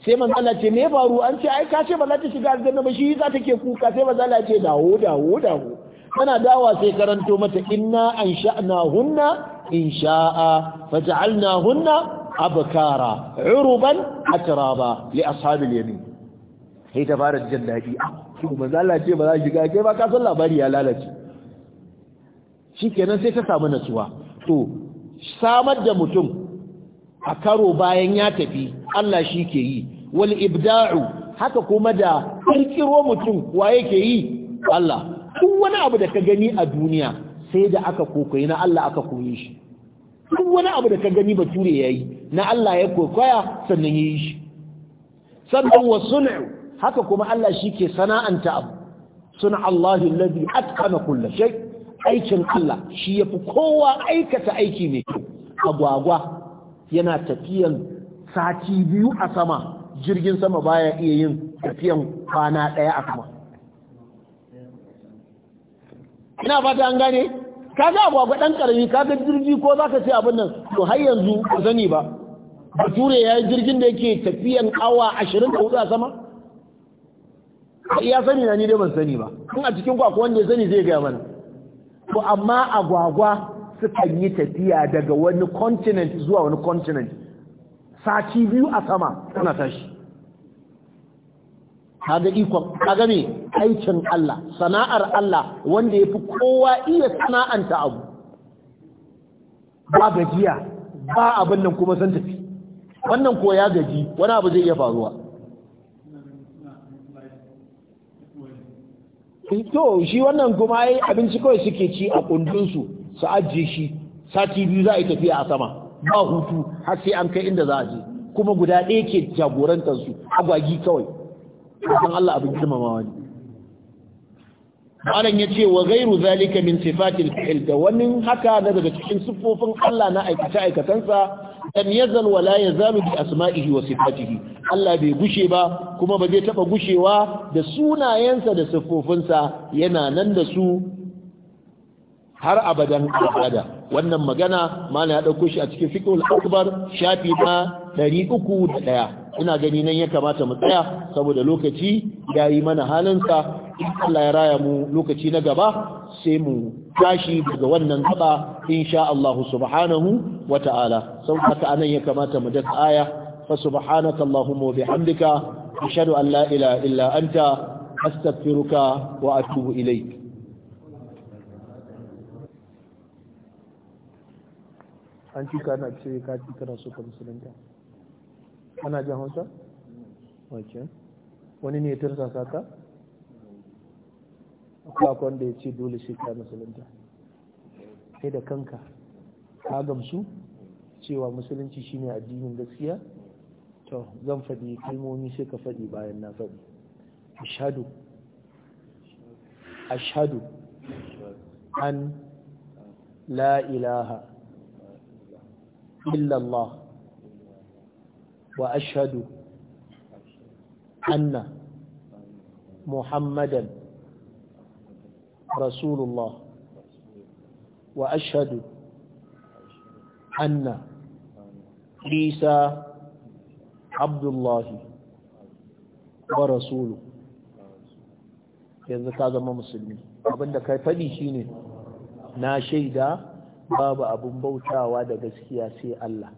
sai manzo Allah ce me faru an ce ai ka ce ba za ta shiga aljanna ba shi za ta ke kuka sai manzo Allah ce dawo dawo dawo Kana dawa sai karanto mata inna an sha'na hunna in sha'a faj'alna hunna abkara uruban atraba li ashabil yamin sai ta fara jin dadi ah, manzo Allah ce ba za shiga kai ba ka san labari ya lalace shikenan sai ta samu natsuwa to samar da mutum a karo bayan ya tafi Allah shi ke yi wal ibda'u haka kuma da kirkiro mutum wa yake yi Allah duk wani abu da ka gani a duniya sai da aka kokoyi na Allah aka koyi shi duk wani abu da ka gani bature yayi na Allah ya kokoya sannan yayi shi sannan sun'u haka kuma Allah shi ke sana'anta abu suna Allah alladhi atqana kull shay aikin Allah shi yafi kowa aikata aiki mai kyau agwagwa yana tafiyan sati biyu a sama jirgin sama baya iya yin tafiyan kwana daya a sama ina fata an gane ka ga abu abu dan karami ka ga jirgi ko za ka ce abin nan to har yanzu ba sani ba bature ya jirgin da yake tafiyan awa ashirin da hudu a sama ya sani na ni dai ban sani ba in a cikin kwakwa wanda ya sani zai gaya mana to amma agwagwa sukan yi tafiya daga wani continent zuwa wani continent sati biyu a sama suna tashi kaga ikon kaga ne aikin Allah sana'ar Allah wanda yafi kowa iya sana'anta abu ba gajiya ba abin nan kuma san tafi wannan ko ya gaji wani abu zai iya faruwa to shi wannan kuma ai abinci kawai suke ci a kundinsu su ajiye shi sati biyu za a yi tafiya a sama ba hutu har sai an kai inda za a je kuma guda ɗaya ke jagorantarsu agwagi kawai san Allah abin girmamawa ne malam ya ce wa gairu zalika min sifatil fi'l da wani haka na daga cikin siffofin Allah na aikace aikatansa Dan yazal wa la yazalu bi asma'ihi wa sifatihi Allah bai gushe ba kuma ba zai taba gushewa da sunayensa da siffofinsa yana nan da su har abadan abada wannan magana mana ya ɗauko shi a cikin fiqhul akbar shafi na ɗaya ina gani nan ya kamata mu tsaya saboda lokaci yayi mana halinsa in Allah ya raya mu lokaci na gaba sai mu tashi daga wannan gaba insha Allah subhanahu wa ta'ala sau haka anan ya kamata mu dasa aya fa subhanaka allahumma wa bihamdika ashhadu an la ilaha illa anta astaghfiruka wa atubu ilayk an cika na ce ka ci kana so ka musulunta ana jan hausa ok wani ne ya tarsa saka akwai akwai wanda ya ce dole shi ka musulunta sai da kanka ka gamsu cewa musulunci shine addinin gaskiya to zan faɗi kalmomi sai ka faɗi bayan na faɗi ashadu ashadu an la ilaha إلا الله وأشهد أن محمدا رسول الله وأشهد أن عيسى عبد الله ورسوله yanzu ka zama musulmi abinda kai faɗi shine na shaida babu abun bautawa da gaskiya sai Allah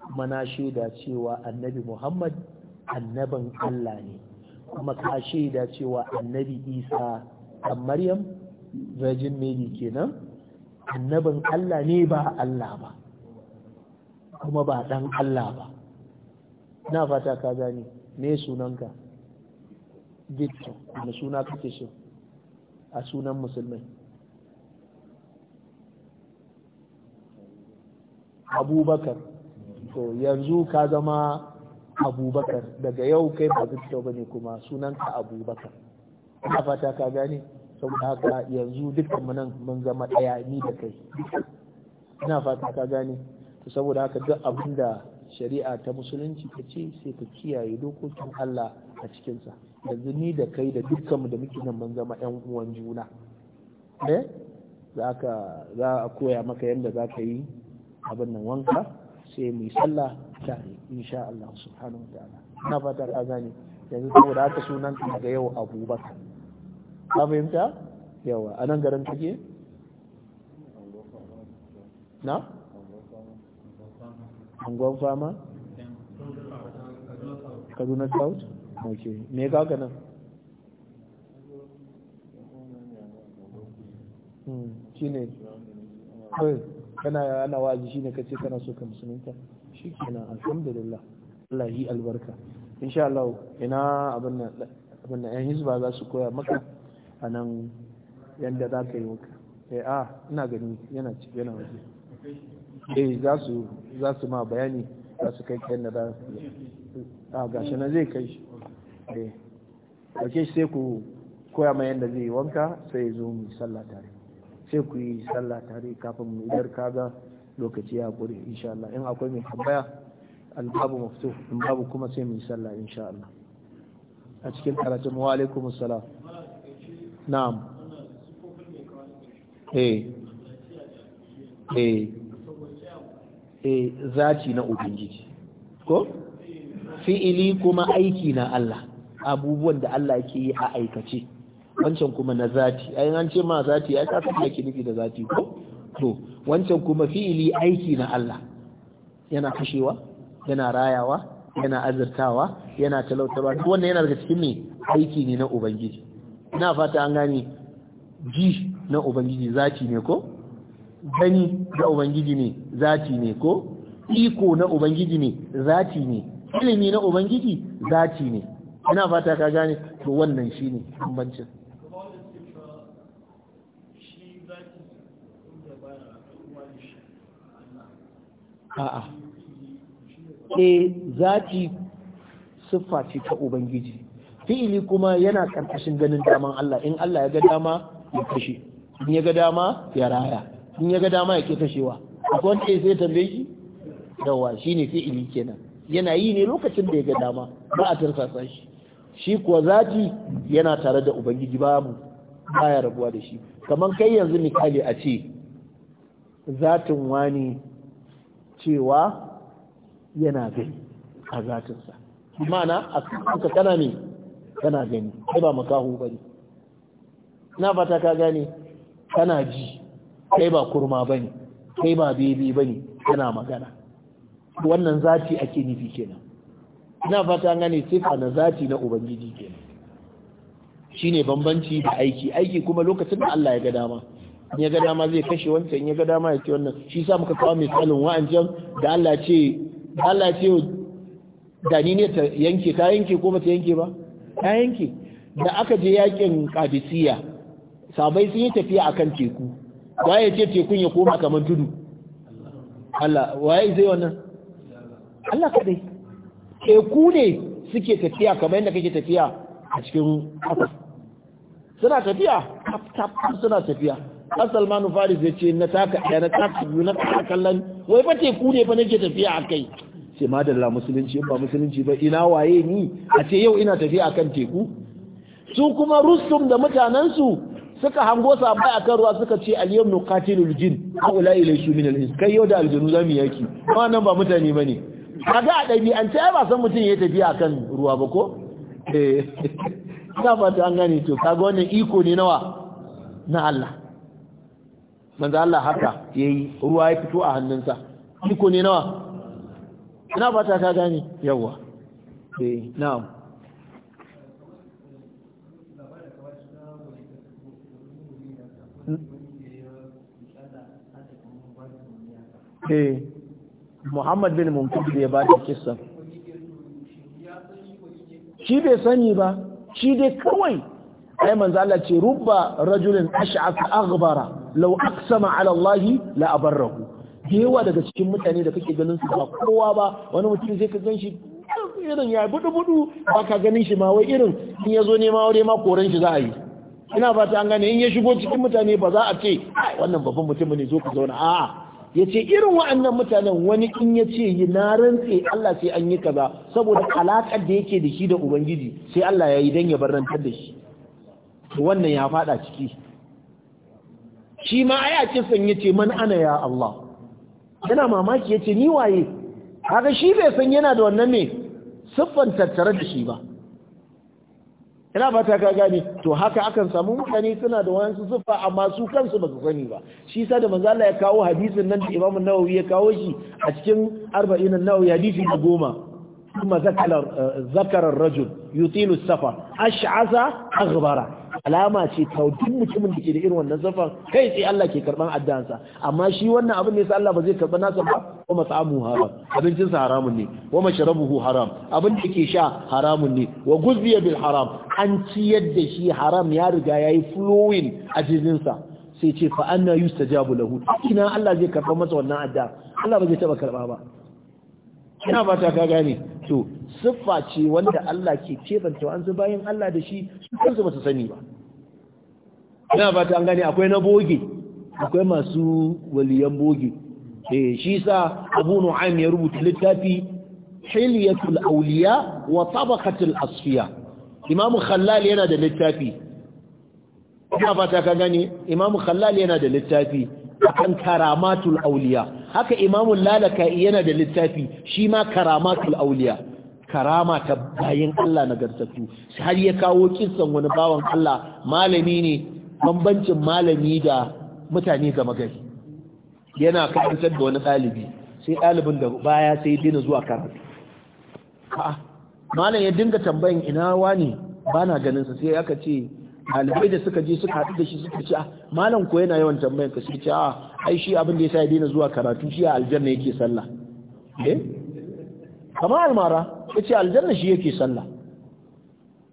kuma na shaida cewa annabi Muhammad annaban Allah ne kuma ka shaida cewa annabi Isa dan Maryam Virgin Mary kenan annaban Allah ne ba Allah ba kuma ba dan Allah ba na fata ka gani me sunanka Victor da suna kake so a sunan musulmai abubakar to yanzu ka zama abubakar daga yau kai ba zai ba ne kuma sunanka abubakar ina fata ka gane saboda haka yanzu dukkan manan mun zama ɗaya ni da kai ina fata ka gane to saboda haka duk abin da shari'a ta musulunci ta ce sai ka kiyaye dokokin Allah a cikinsa yanzu ni da kai da dukkanmu da muke nan mun zama yan uwan juna eh za a koya maka yadda za ka yi abin nan wanka sai mu yi sallah tare insha Allah subhanahu wa ta'ala ina fata ka gane yanzu saboda haka sunan ka ga yau Abubakar ka fahimta yawa a nan garin kake na angon fama kaduna south ok me kaka nan hmm, shi ne kana ana shi ne kace kana so ka musulunta shikenan alhamdulillah Allah yi albarka insha Allah ina abin nan abin nan yan hizba za su koya maka a nan yanda za ka yi maka eh a ah, ina gani yana ci yana waje eh za su za su ma bayani za su kai kayan da za a ah, gashi na zai kai shi eh sai ku koya ma yanda zai yi wanka sai ya zo mu sallah tare sai ku yi sallah tare kafin mu idar kaga lokaci ya gure insha Allah in akwai mai tambaya albabu mafito in babu kuma sai mu yi sallah insha Allah a cikin karatun wa alaikum assalam na'am eh eh eh zaci na ubangiji ko fi'ili kuma aiki na Allah abubuwan da Allah yake yi a aikace wancan kuma na zati ayin an ce ma zati ya ka da ke nufi da zati ko to wancan kuma fi'ili aiki na Allah yana kashewa yana rayawa yana azurtawa yana talautarwa duk wannan yana daga cikin ne aiki ne na ubangiji ina fata an gane ji na ubangiji zati ne ko gani na ubangiji ne zati ne ko iko na ubangiji ne zati ne ilimi na ubangiji zati ne ina fata ka gane to wannan shine bambancin a'a e zati siffa ce ta ubangiji fi'ili kuma yana karkashin ganin daman Allah in Allah ya ga dama ya kashe in ya ga dama ya raya in ya ga dama ya ke kashewa akwai wanda sai tambaye shi yawa shine fi'ili kenan yana yi ne lokacin da ya ga dama ba a tarsasa shi shi kuwa zati yana tare da ubangiji babu baya rabuwa da shi kamar kai yanzu misali a ce zatin wani cewa yana gani a zatinsa mana a kanka kana ne kana gani kai ba makahu bane na fata ka gane kana ji kai ba kurma bane kai ba bebi bane kana magana wannan zati ake nufi kenan ina fata gane sifa na zati na ubangiji kenan shine bambanci da aiki aiki kuma lokacin da Allah ya ga dama ya ga dama zai kashe wancan ya ga dama ya ce wannan shi sa muka kawo misalin wa'ancan da Allah ce Allah ce da ni ne ta yanke ta yanke ko bata yanke ba ta yanke da aka je yakin kadisiya sabai sun yi tafiya akan teku waye ce tekun ya koma kamar tudu Allah waye zai wannan Allah kadai teku ne suke tafiya kamar yadda kake tafiya a cikin suna tafiya suna tafiya Asalmanu faris ya ce na taka ɗaya na taka biyu na taka kallon wai fa teku ne fa nake tafiya a kai ce madalla musulunci ba musulunci ba ina waye ni a ce yau ina tafiya akan teku su kuma rustum da mutanensu suka hango a kan ruwa suka ce al-yawm nuqatilul jin haula ilaysu min al kai yau da aljanu mu yaki Kuma nan ba mutane bane kaga a dabi an ce ba san mutum ya tafiya akan ruwa ba ko eh <laughs> ina fata an gane to kaga wannan iko ne nawa na Allah manzo Allah haka yayi ruwa ya fito a hannunsa iko ne nawa ina ba ta ka gani yawa eh na'am hmm? eh Muhammad bin Mumtaz ya ba da kissa shi bai sani ba shi dai kawai ai manzo Allah ce rubba rajulin ash'a aghbara law aqsama ala Allah la abarrahu yawa daga cikin mutane da kake ganin su ba kowa ba wani mutum zai ka gan irin ya budu budu ba ka ganin shi ma wai irin in ya zo nema aure ma koran shi za a yi ina ba ta an gane in ya shigo cikin mutane ba za a ce wannan babban mutum ne zo ku zauna a'a ya ce irin wa'annan mutanen wani in ya ce yi na rantse Allah sai an yi kaza saboda alaƙar da yake da shi da ubangiji sai Allah ya yi don ya barantar da shi wannan ya faɗa ciki shi ma aya a kisan yace man ana ya Allah yana mamaki yace ni waye kaga shi bai san yana da wannan ne siffan tattare da shi ba yana ba ta kaga ne to haka akan samu mutane suna da su siffa amma su kansu ba su sani ba shi sa da manzo Allah ya kawo hadisin nan da Imam Nawawi ya kawo shi a cikin 40 nan nawawi hadisi na goma kuma eh, zakara zakara rajul yutilu safa ash'aza aghbara alama ce ta duk mutumin da ke da irin wannan zafan kai sai Allah ke karban addansa amma shi wannan abin ne sai Allah ba zai karba nasa ba wa masamu haram abincin sa haramun ne wa mashrabuhu haram abin da ke sha haramun ne wa guzbiya bil haram an ciyar da shi haram ya riga yayi flowing a jinin sa sai ce fa anna yustajabu lahu ina Allah zai karba masa wannan adda Allah ba zai taba karba ba ina ba ta ka gane to siffa ce wanda Allah ke kebanta an su bayan Allah da shi kansu ba su sani ba ina ba ta an gane akwai na boge akwai masu waliyan boge eh shi sa Abu Nu'aym ya rubuta littafi Hilyatul Awliya wa Tabaqatul Asfiya Imam Khallal yana da littafi ina ba ta gane Imam Khallal yana da littafi akan karamatul awliya haka imamun lalaka yana da littafi shi ma karamatul auliya karama ta bayan Allah na nagartattu har ya kawo kissan wani bawan Allah malami ne bambancin malami da mutane gama gari yana karantar da wani ɗalibi sai ɗalibin da baya sai dina zuwa karatu a'a malam ya dinga tambayin ina wani bana ganin sa sai aka ce ɗalibai da suka je suka haɗu da shi suka ce ah, malam ko yana yawan tambayan ka sai ce a ah, ai shi abin da sa ya daina zuwa karatu shi a aljanna yake sallah eh kama almara ce aljanna shi yake sallah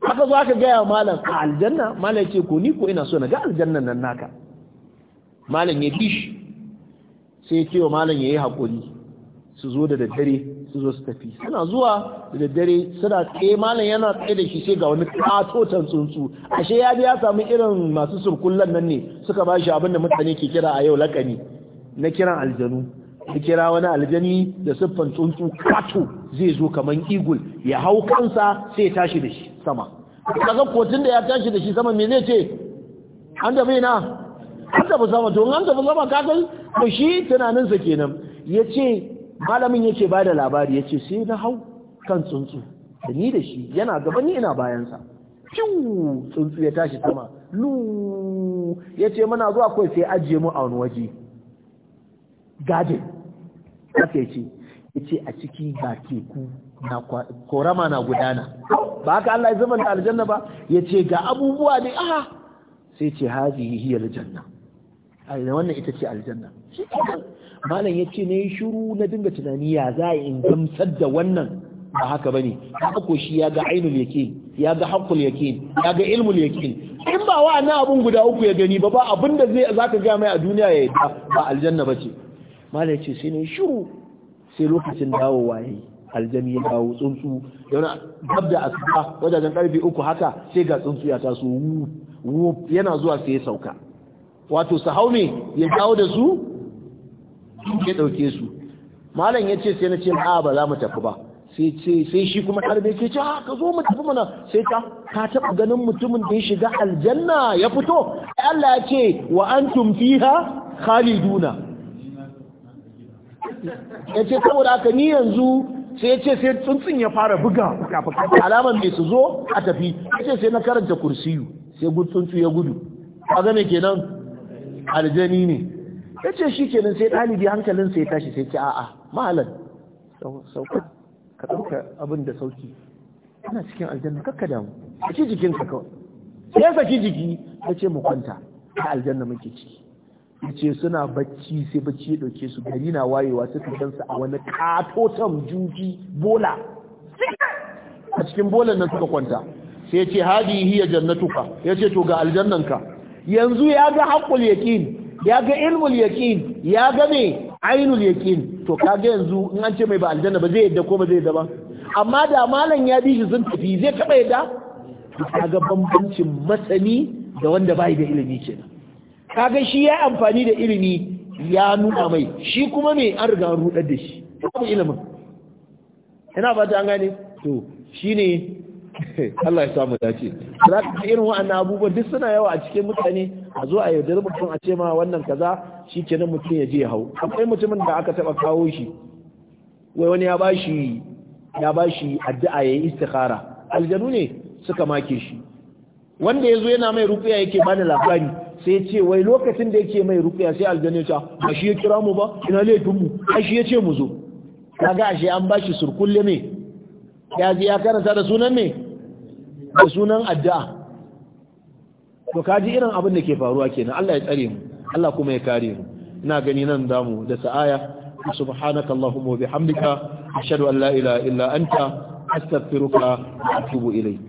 haka zo aka gaya malam a aljanna malam ya ce ko ni ko ina so na ga aljannan nan naka malam ya bi shi sai ya ce wa malam ya yi haƙuri su zo da daddare su zo su tafi suna zuwa da daddare suna tsaye malam yana tsaye da shi sai ga wani katotan tsuntsu ashe ya ya samu irin masu surkullan nan ne suka ba shi abin da mutane ke kira a yau lakani na kiran aljanu ya kira wani aljani da siffan tsuntsu kato zai zo kaman igul ya hau kansa sai ya tashi da shi sama kaga kotun da ya tashi da shi sama me zai ce an da bai na an da ba sama to an da ba sama kaga shi tunaninsa kenan ya ce malamin yake ba da labari ya ce sai na hau kan tsuntsu da ni da shi yana gaba ni ina bayansa ciwu tsuntsu ya tashi sama lu ya ce mana zuwa kawai sai ajiye mu a wani waje gadin ya ce ya ce a ciki ga teku na korama na gudana ba haka Allah ya zama da aljanna ba ya ce ga abubuwa ne aha sai ce yi hiyar janna a wannan ita ce aljanna malam ya ce ne shiru na dinga tunani ya za a in gamsar da wannan ba haka ne haka shi ya ga ainul yake, ya ga haƙul yake, ya ga ilmul yake. in ba wa na abun guda uku ya gani ba ba abin da zai zaka ga mai a duniya ya yadda ba aljanna ba ce. malam ya ce sai ne shiru sai lokacin dawowa yayi aljami ya dawo tsuntsu wani dab da asuba wajajen karfe uku haka sai ga tsuntsu ya taso yana zuwa sai ya sauka wato su hau ne ya kawo da su ya ɗauke su malam ya ce sai na ce a ba za mu tafi ba sai shi kuma karbe ke ce ka zo mu tafi mana sai ta ka taɓa ganin mutumin da ya shiga aljanna ya fito Allah ya ce wa an ha fiha khaliduna ya ce saboda aka ni yanzu sai ya ce sai tsuntsun ya fara buga fuka mai su zo a tafi ya ce sai na karanta kursiyu sai ya gudu a game kenan aljani ne ya ce shi nan sai ɗalibi hankalin ya tashi sai ki a'a mahalar sauƙi ka ɗauka abin da sauki ana cikin aljanna kakka damu jikin jikinka kawai ya saki jiki ya ce mu kwanta ta aljanna muke ciki ya ce suna bacci sai bacci ya ɗauke su gari na wayewa suka gansu a wani katotan juji bola a cikin bolan nan suka kwanta sai ya ce hadi hiya jannatuka ya ce to ga aljannanka yanzu ya ga haƙul yaƙin ya ga ilmul yaƙin ya ga me ainul yaƙin to ka ga yanzu in an ce mai ba aljanna ba zai yadda ko ba zai yadda ba amma da malam ya bi shi sun tafi zai taɓa yadda ga bambancin masani da wanda bai da ilimi kenan ga shi ya amfani da ilimi ya nuna mai shi kuma me an riga an rudar da shi ilimin ina ba an gane to shine Allah ya samu dace za ka irin wa'annan abubuwa duk suna yawa a cikin mutane a zo a yaudar mutum a ce ma wannan kaza shi kenan mutum ya je hau akwai mutumin da aka taba kawo shi wai wani ya bashi ya bashi addu'a yi istikhara aljanu ne suka make shi wanda ya zo yana mai ruqiya yake bani labari sai ya ce wai lokacin da yake mai rufiya sai aljanu ya ce ba shi ya kira mu ba ina laifin mu shi ya ce mu zo kaga ashe an ba shi surkulle ne ya ji ya karanta da sunan ne da sunan addu'a to kaji irin abin da ke faruwa kenan Allah ya tsare mu Allah kuma ya kare mu ina gani nan zamu da sa'aya subhanaka allahumma wa bihamdika ashhadu an la ilaha illa anta astaghfiruka wa atubu ilayk